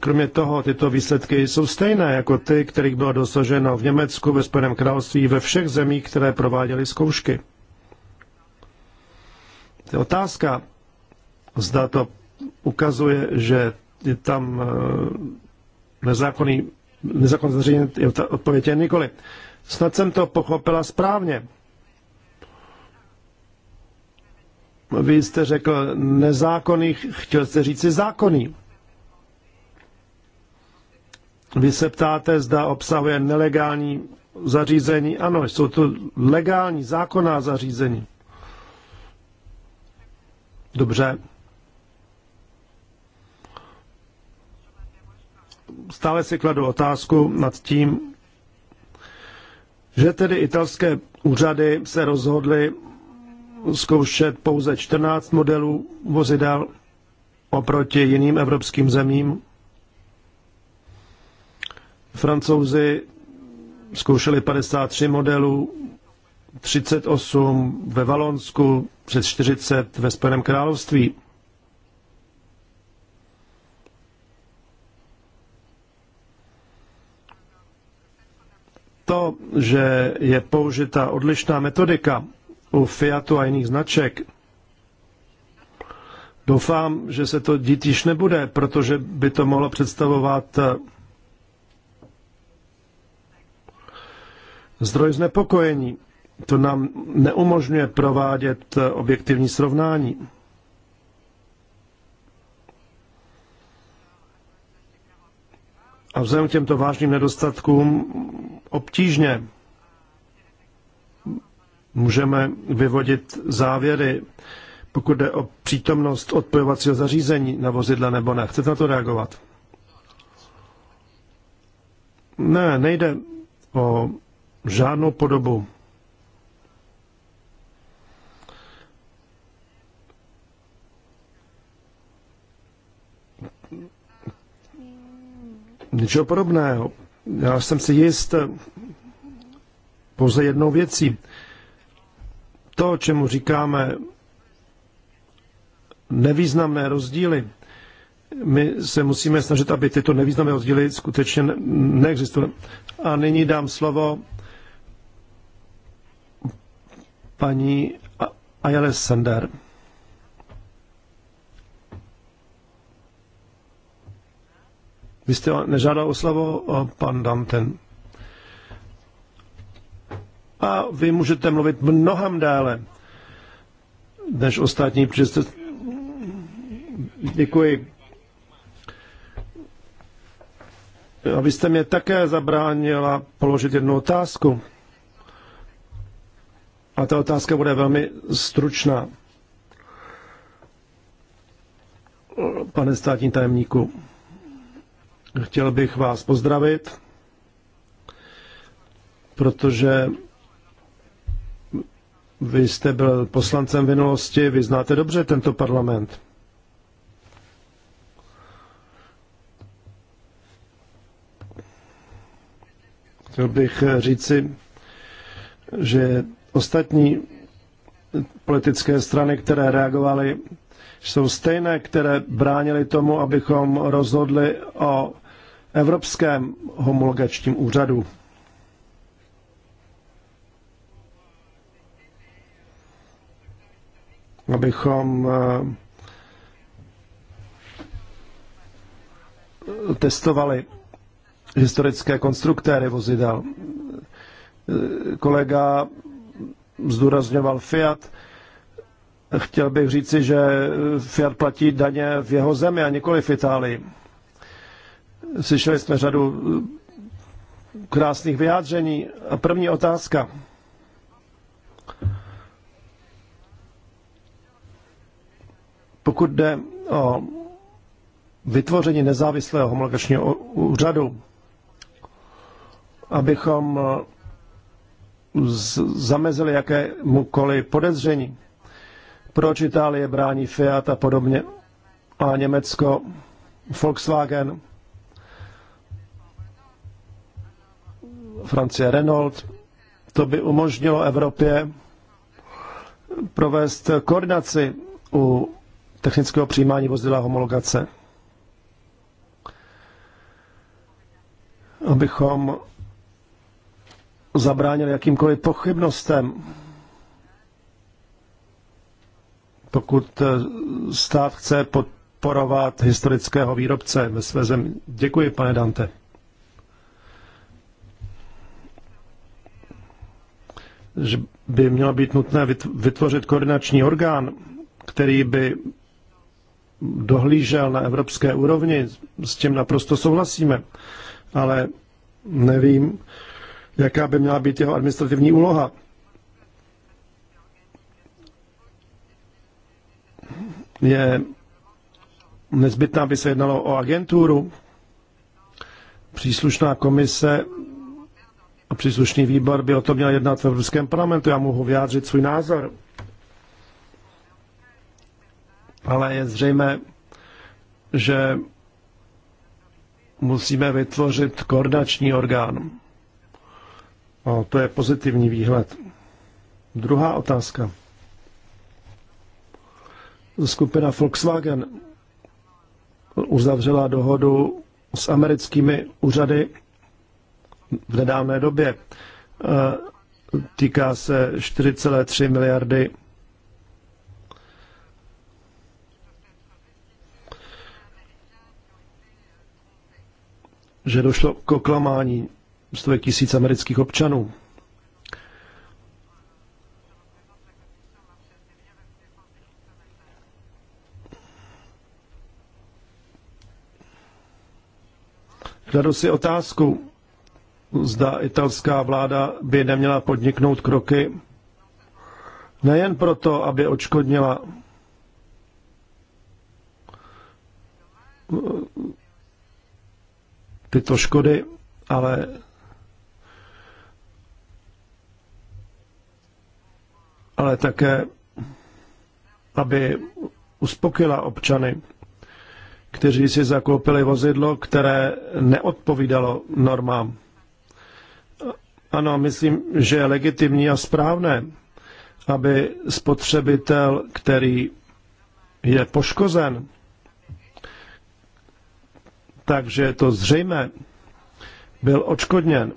Kromě toho, tyto výsledky jsou stejné jako ty, kterých bylo dosaženo v Německu, ve Spojeném království, ve všech zemích, které prováděly zkoušky. Je otázka, zda to ukazuje, že je tam eh, nezákonný, nezákonný zřejmě, je odpověď je nikoli. Snad jsem to pochopila správně. Vy jste řekl nezákonný, chtěl jste říci zákonný. Vy se ptáte, zda obsahuje nelegální zařízení. Ano, jsou to legální, zákonná zařízení. Dobře. Stále si kladu otázku nad tím, že tedy italské úřady se rozhodly zkoušet pouze 14 modelů vozidel oproti jiným evropským zemím, Francouzi zkoušeli 53 modelů, 38 ve Valonsku, přes 40 ve Spojeném království. To, že je použita odlišná metodika u Fiatu a jiných značek, doufám, že se to dít již nebude, protože by to mohlo představovat zdroj znepokojení. To nám neumožňuje provádět eh, objektivní srovnání. A vzhledem k těmto vážným nedostatkům obtížně můžeme vyvodit závěry, pokud jde o přítomnost odpojovacího zařízení na vozidle nebo ne. Chcete na to reagovat? Ne, nejde o žádnou podobu. Ničeho podobného. Já jsem si jist eh, pouze jednou věcí. To, čemu říkáme nevýznamné rozdíly, my se musíme snažit, aby tyto nevýznamné rozdíly skutečně neexistovaly. A nyní dám slovo Paní Ayala Sender, Vy jste nežádal o slovo, pan Danten. A vy můžete mluvit mnohem déle než ostatní, protože Děkuji. Abyste mě také zabránila položit jednu otázku. A ta otázka bude velmi stručná. Pane státní tajemníku, chtěl bych vás pozdravit, protože vy jste byl poslancem minulosti, vy znáte dobře tento parlament. Chtěl bych říci, že ostatní politické strany, které reagovaly, jsou stejné, které bránily tomu, abychom rozhodli o Evropském homologačním úřadu. Abychom eh, testovali historické konstruktéry vozidel. Eh, kolega zdůrazňoval Fiat. Chtěl bych říci, že Fiat platí daně v jeho zemi a nikoli v Itálii. Slyšeli jsme řadu krásných vyjádření. A první otázka. Pokud jde o vytvoření nezávislého homologačního úřadu, abychom zamezili jakémukoliv podezření. Proč Itálie brání Fiat a podobně a Německo Volkswagen, Francie Renault. To by umožnilo Evropě provést koordinaci u technického přijímání vozidla homologace. Abychom zabránil jakýmkoliv pochybnostem. Pokud eh, stát chce podporovat historického výrobce ve své zemi. Děkuji, pane Dante. Že by mělo být nutné vytvořit koordinační orgán, který by dohlížel na evropské úrovni, s tím naprosto souhlasíme, ale nevím, jaká by měla být jeho administrativní úloha. Je nezbytná, aby se jednalo o agenturu. Příslušná komise a příslušný výbor by o tom měl jednat v Evropském parlamentu. Já mohu vyjádřit svůj názor. Ale je zřejmé, že musíme vytvořit koordinační orgán. O, to je pozitivní výhled. Druhá otázka. Skupina Volkswagen uzavřela dohodu s americkými úřady v nedávné době. E, týká se 4,3 miliardy že došlo k oklamání stovek tisíc amerických občanů. Kladu si otázku, zda italská vláda by neměla podniknout kroky nejen proto, aby očkodnila tyto škody, ale ale také, aby uspokojila občany, kteří si zakoupili vozidlo, které neodpovídalo normám. Ano, myslím, že je legitimní a správné, aby spotřebitel, který je poškozen, takže je to zřejmé, byl očkodněn.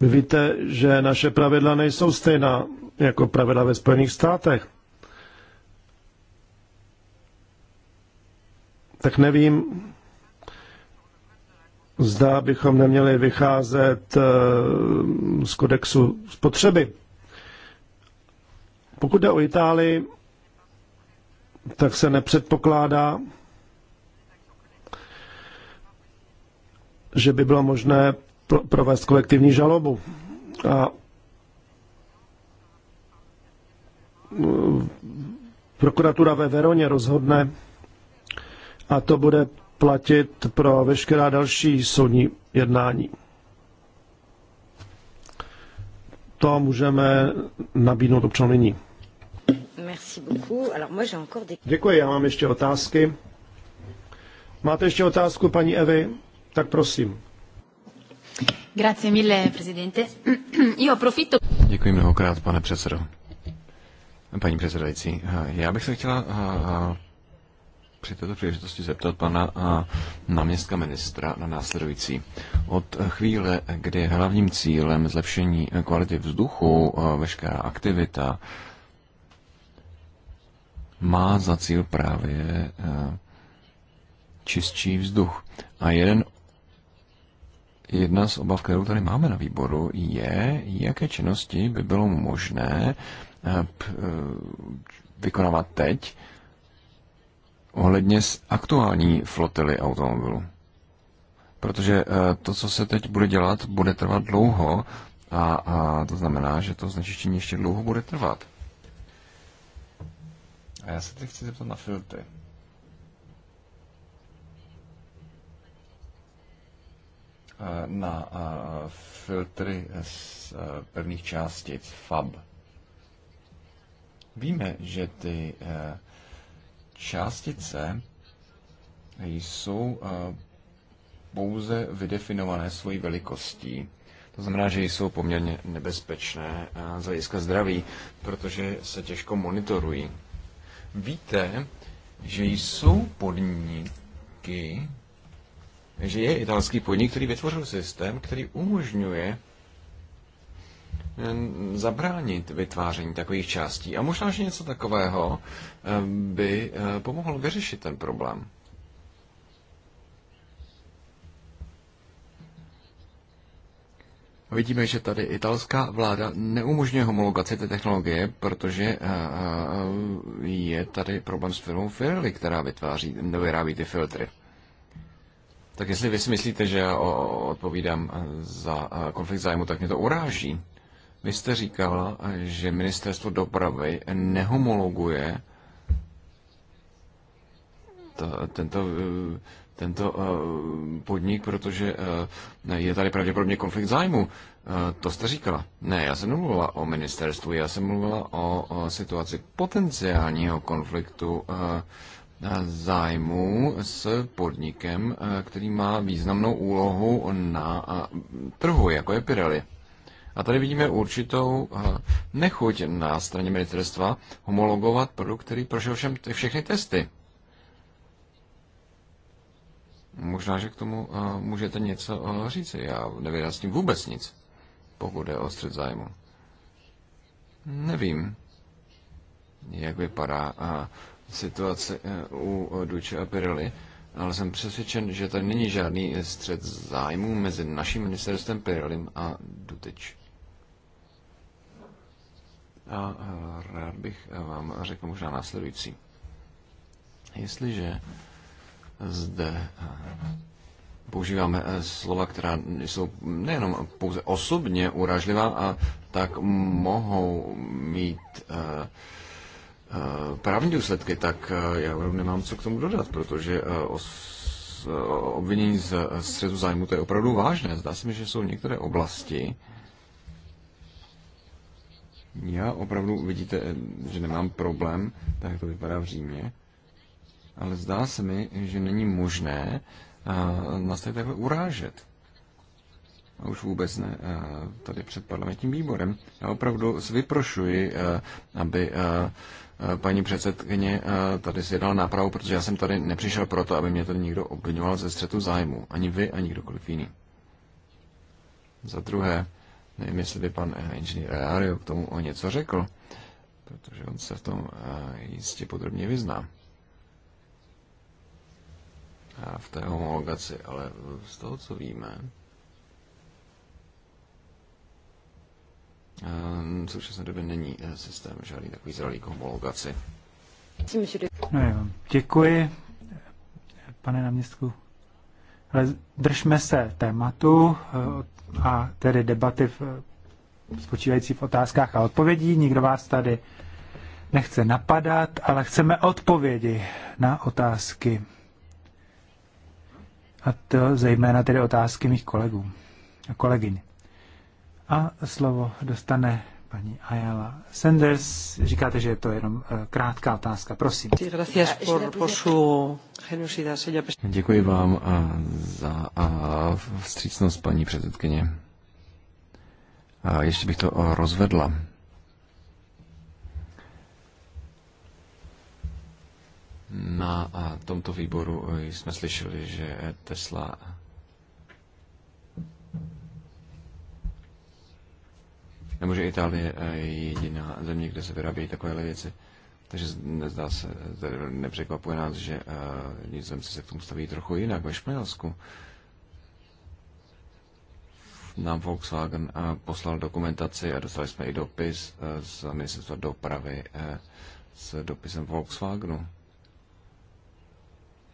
Víte, že naše pravidla nejsou stejná jako pravidla ve Spojených státech. Tak nevím, zda bychom neměli vycházet eh, z kodexu spotřeby. Pokud jde o Itálii, tak se nepředpokládá, že by bylo možné provést kolektivní žalobu. A eh, prokuratura ve Veroně rozhodne a to bude platit pro veškerá další soudní jednání. To můžeme nabídnout občanům nyní. Děkuji, já mám ještě otázky. Máte ještě otázku, paní Evy? Tak prosím. Děkuji mnohokrát, pane předsedo. Paní předsedající, eh, já bych se chtěla a, eh, a, eh, při této příležitosti zeptat pana a, náměstka ministra na následující. Od chvíle, kdy hlavním cílem zlepšení kvality vzduchu a, veškerá aktivita má za cíl právě a, čistší vzduch. A jeden Jedna z obav, kterou tady máme na výboru, je, jaké činnosti by bylo možné eh, eh, vykonávat teď ohledně z aktuální flotily automobilů. Protože eh, to, co se teď bude dělat, bude trvat dlouho a, a to znamená, že to znečištění ještě dlouho bude trvat. A já se teď chci zeptat na filtry. Eh, na eh, filtry z eh, pevných částic FAB. Víme, že ty částice jsou pouze vydefinované svojí velikostí. To znamená, že jsou poměrně nebezpečné z hlediska zdraví, protože se těžko monitorují. Víte, že jsou podniky, že je italský podnik, který vytvořil systém, který umožňuje eh, zabránit vytváření takových částí. A možná, že něco takového eh, by eh, pomohlo vyřešit ten problém. Vidíme, že tady italská vláda neumožňuje homologaci té technologie, protože je tady problém s firmou Firely, která vytváří, vyrábí ty filtry. Tak jestli vy si myslíte, že já odpovídám za eh, konflikt zájmu, tak mě to uráží. Vy jste říkala, že ministerstvo dopravy nehomologuje tento, eh, tento eh, podnik, protože je tady pravděpodobně konflikt zájmu. To jste říkala. Ne, já jsem nemluvila o ministerstvu, já jsem mluvila o situaci potenciálního konfliktu zájmu s podnikem, eh, který má významnou úlohu na eh, trhu, jako je Pirelli. A tady vidíme určitou eh, nechuť na straně ministerstva homologovat produkt, který prošel všem, všechny testy. Možná, že k tomu můžete něco říct, Já tím vůbec nic, pokud je o střed zájmu. Nevím, jak vypadá situaci eh, u eh, Duče a Pirelli, ale jsem přesvědčen, že tady není žádný eh, střed zájmů mezi naším ministerstvem Pirelim a Duteč. A rád bych vám řekl možná následující. Jestliže zde používáme slova, která jsou nejenom pouze osobně uražlivá, a tak mohou mít uh, Eh, právní důsledky, tak eh, já nemám co k tomu dodat, protože eh, obvinění z střetu zájmu to je opravdu vážné. Zdá se mi, že jsou některé oblasti, já opravdu, vidíte, že nemám problém, tak to vypadá v Římě, ale zdá se mi, že není možné nás tady takhle urážet a už vůbec ne eh, tady před parlamentním výborem. Já opravdu vyprošuji, eh, aby eh, paní předsedkyně tady si dala nápravu, protože já jsem tady nepřišel proto, aby mě tady někdo obvinoval ze střetu zájmu. Ani vy, ani kdokoliv jiný. Za druhé, nevím, jestli by pan inženýr Reario k tomu o něco řekl, protože on se v tom jistě podrobně vyzná. A v té homologaci, ale z toho, co víme, Eh, v současné době není eh, systém žádný takový zralý k homologaci. No jo, děkuji, pane náměstku. Ale držme se tématu eh, a tedy debaty v, spočívající v otázkách a odpovědí. Nikdo vás tady nechce napadat, ale chceme odpovědi na otázky. A to zejména tedy otázky mých kolegů a kolegyně. A slovo dostane paní Ayala Sanders. Říkáte, že je to jenom eh, krátká otázka. Prosím. Děkuji vám eh, za eh, vstřícnost, paní předsedkyně. A ještě bych to rozvedla. Na tomto výboru jsme slyšeli, že Tesla nebo že Itálie je eh, jediná země, kde se vyrábějí takovéhle věci. Takže nezdá se, nepřekvapuje nás, že uh, Nizozemci se k tomu staví trochu jinak ve Španělsku. Nám Volkswagen uh, poslal dokumentaci a dostali jsme i dopis uh, z ministerstva dopravy uh, s dopisem Volkswagenu,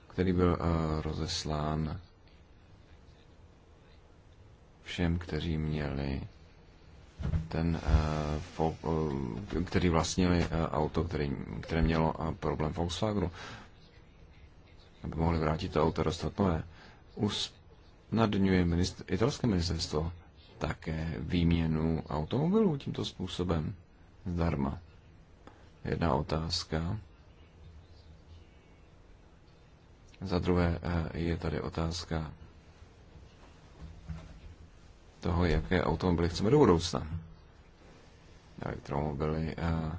který byl uh, rozeslán všem, kteří měli ten, eh, eh, který vlastnili eh, auto, který, které mělo problém Volkswagenu, aby mohli vrátit to auto dostat nové. Usnadňuje ministr, italské ministerstvo také výměnu automobilů tímto způsobem zdarma. Jedna otázka. Za druhé je tady otázka toho, jaké automobily chceme do budoucna. Elektromobily eh,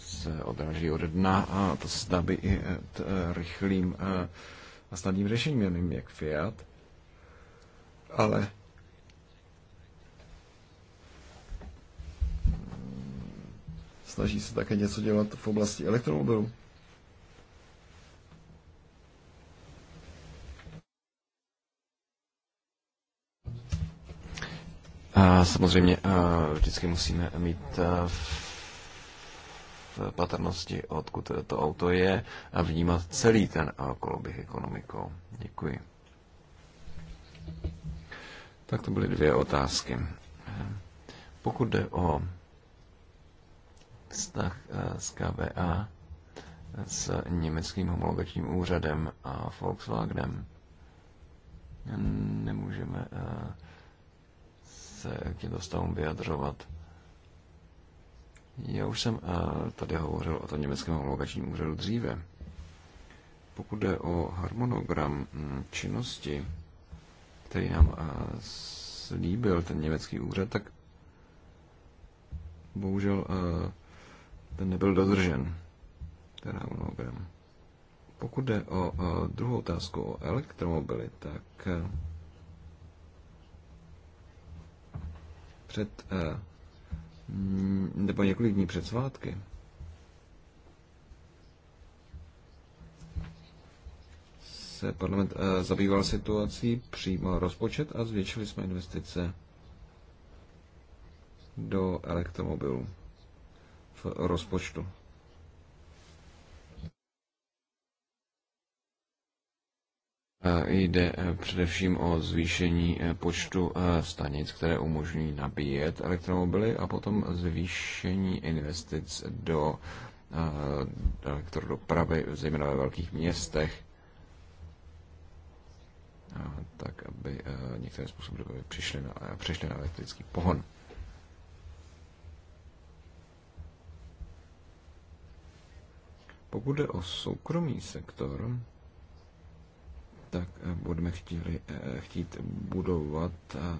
se odraží od dna a to se dá by i eh, eh, rychlým a snadným řešením, nevím, jak Fiat, ale snaží se také něco dělat v oblasti elektromobilů. A samozřejmě vždycky musíme mít v patrnosti, odkud to auto je a vnímat celý ten koloběh ekonomikou. Děkuji. Tak to byly dvě otázky. Pokud jde o vztah s KVA, s německým homologačním úřadem a Volkswagenem, nemůžeme se k těmto stavům vyjadřovat. Já už jsem eh, tady hovořil o tom německém homologačním úřadu dříve. Pokud jde o harmonogram hm, činnosti, který nám eh, slíbil ten německý úřad, tak bohužel eh, ten nebyl dodržen, ten harmonogram. Pokud jde o druhou otázku o elektromobily, tak před, eh, mm, nebo několik dní před svátky. se parlament eh, zabýval situací, přijímal rozpočet a zvětšili jsme investice do elektromobilů v rozpočtu. Jde e, především o zvýšení e, počtu e, stanic, které umožňují nabíjet elektromobily a potom zvýšení investic do elektrodopravy, zejména ve velkých městech, tak aby některým způsobem přišli na, přišli na elektrický pohon. Pokud jde o soukromý sektor, tak eh, budeme chtěli, eh, chtít budovat eh,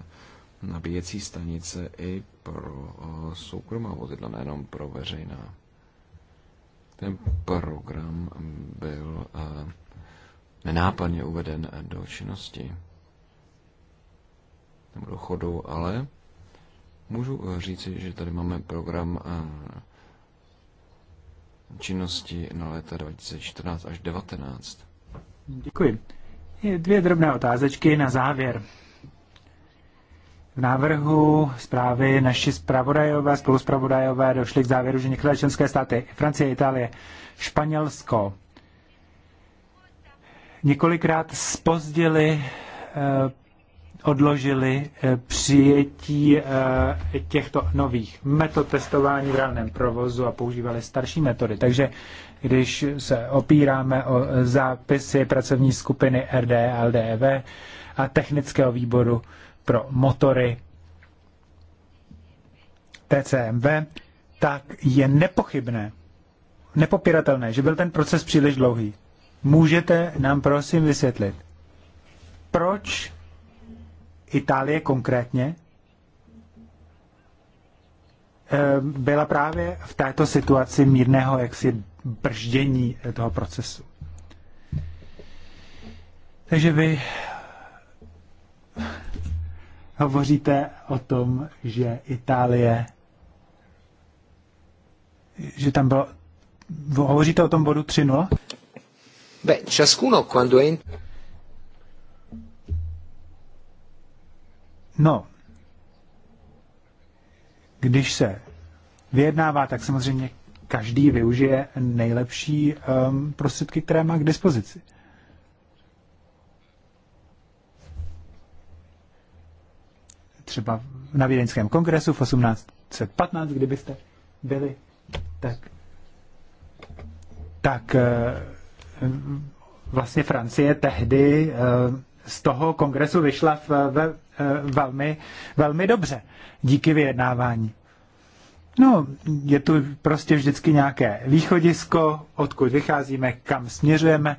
nabíjecí stanice i pro soukromá vozidla, nejenom pro veřejná. Ten program byl nenápadně uveden do činnosti nebo do chodu, ale můžu říci, že tady máme program činnosti na léta 2014 až 2019. Děkuji. Dvě drobné otázečky na závěr. V návrhu zprávy naši spravodajové, spoluspravodajové došli k závěru, že některé členské státy, Francie, Itálie, Španělsko, několikrát spozdili, eh, odložili eh, přijetí eh, těchto nových metod testování v reálném provozu a používali starší metody. Takže když se opíráme o zápisy pracovní skupiny RD, LDV e a technického výboru pro motory TCMV, tak je nepochybné, nepopiratelné, že byl ten proces příliš dlouhý. Můžete nám prosím vysvětlit, proč Itálie konkrétně Eh, byla právě v této situaci mírného jaksi brždění toho procesu. Takže vy hovoříte o tom, že Itálie, že tam bylo, hovoříte o tom bodu 3.0? Beh, ciascuno quando è. No, když se vyjednává, tak samozřejmě každý využije nejlepší um, prostředky, které má k dispozici. Třeba na Vídeňském kongresu v 1815, kdybyste byli, tak, tak eh, vlastně Francie tehdy eh, z toho kongresu vyšla v, ve Eh, velmi, velmi dobře díky vyjednávání. No, je tu prostě vždycky nějaké východisko, odkud vycházíme, kam směřujeme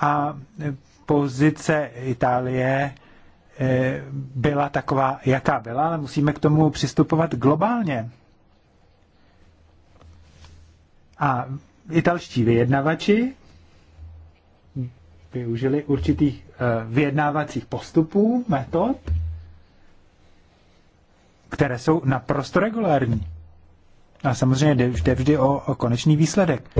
a pozice Itálie eh, byla taková, jaká byla, ale musíme k tomu přistupovat globálně. A italští vyjednavači využili určitých Eh, vyjednávacích postupů, metod, které jsou naprosto regulární. A samozřejmě jde, jde vždy o, o konečný výsledek.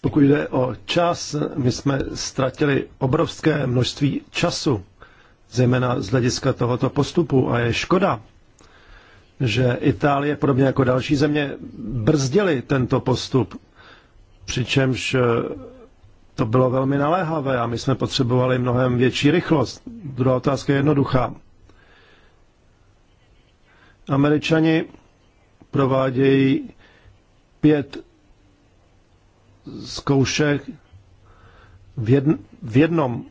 Pokud jde o čas, my jsme ztratili obrovské množství času, zejména z hlediska tohoto postupu. A je škoda, že Itálie, podobně jako další země, brzdili tento postup přičemž eh, to bylo velmi naléhavé a my jsme potřebovali mnohem větší rychlost. Druhá otázka je jednoduchá. Američani provádějí pět zkoušek v, jedn, v jednom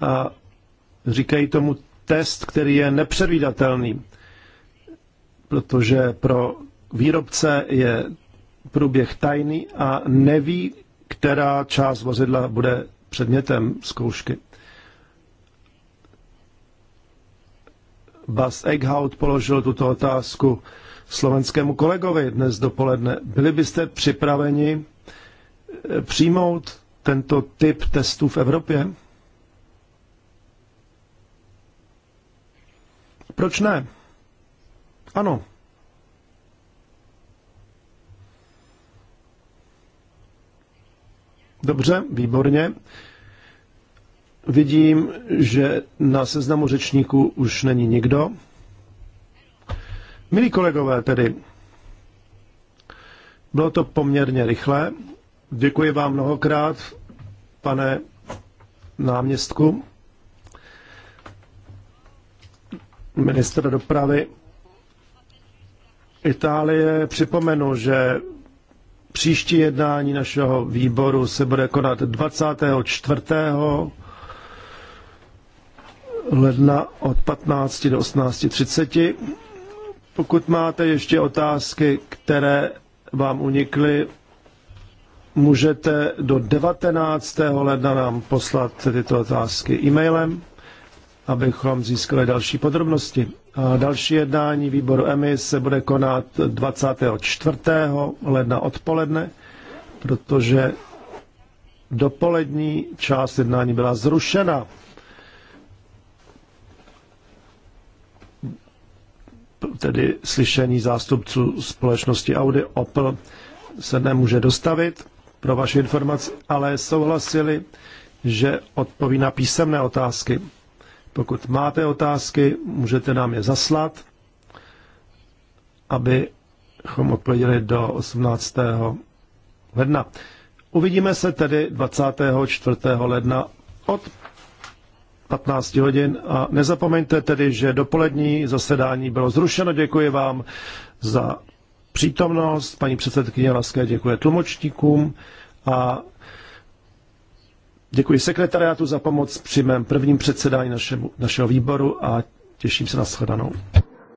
a říkají tomu test, který je nepředvídatelný, protože pro výrobce je průběh tajný a neví, která část vozidla bude předmětem zkoušky. Bas Eichhout položil tuto otázku slovenskému kolegovi dnes dopoledne. Byli byste připraveni eh, přijmout tento typ testů v Evropě? Proč ne? Ano. Dobře, výborně. Vidím, že na seznamu řečníků už není nikdo. Milí kolegové, tedy bylo to poměrně rychlé. Děkuji vám mnohokrát, pane náměstku, ministra dopravy Itálie. Připomenu, že Příští jednání našeho výboru se bude konat 24. ledna od 15 do 18.30. Pokud máte ještě otázky, které vám unikly, můžete do 19. ledna nám poslat tyto otázky e-mailem, abychom získali další podrobnosti. Další jednání výboru EMI se bude konat 24. ledna odpoledne, protože dopolední část jednání byla zrušena. Tedy slyšení zástupců společnosti Audi Opel se nemůže dostavit pro vaši informaci, ale souhlasili, že odpoví na písemné otázky. Pokud máte otázky, můžete nám je zaslat, abychom odpověděli do 18. ledna. Uvidíme se tedy 24. ledna od 15 hodin a nezapomeňte tedy, že dopolední zasedání bylo zrušeno. Děkuji vám za přítomnost. Paní předsedkyně Laské děkuje tlumočníkům a Děkuji sekretariátu za pomoc při mém prvním předsedání našemu, našeho výboru a těším se na shledanou.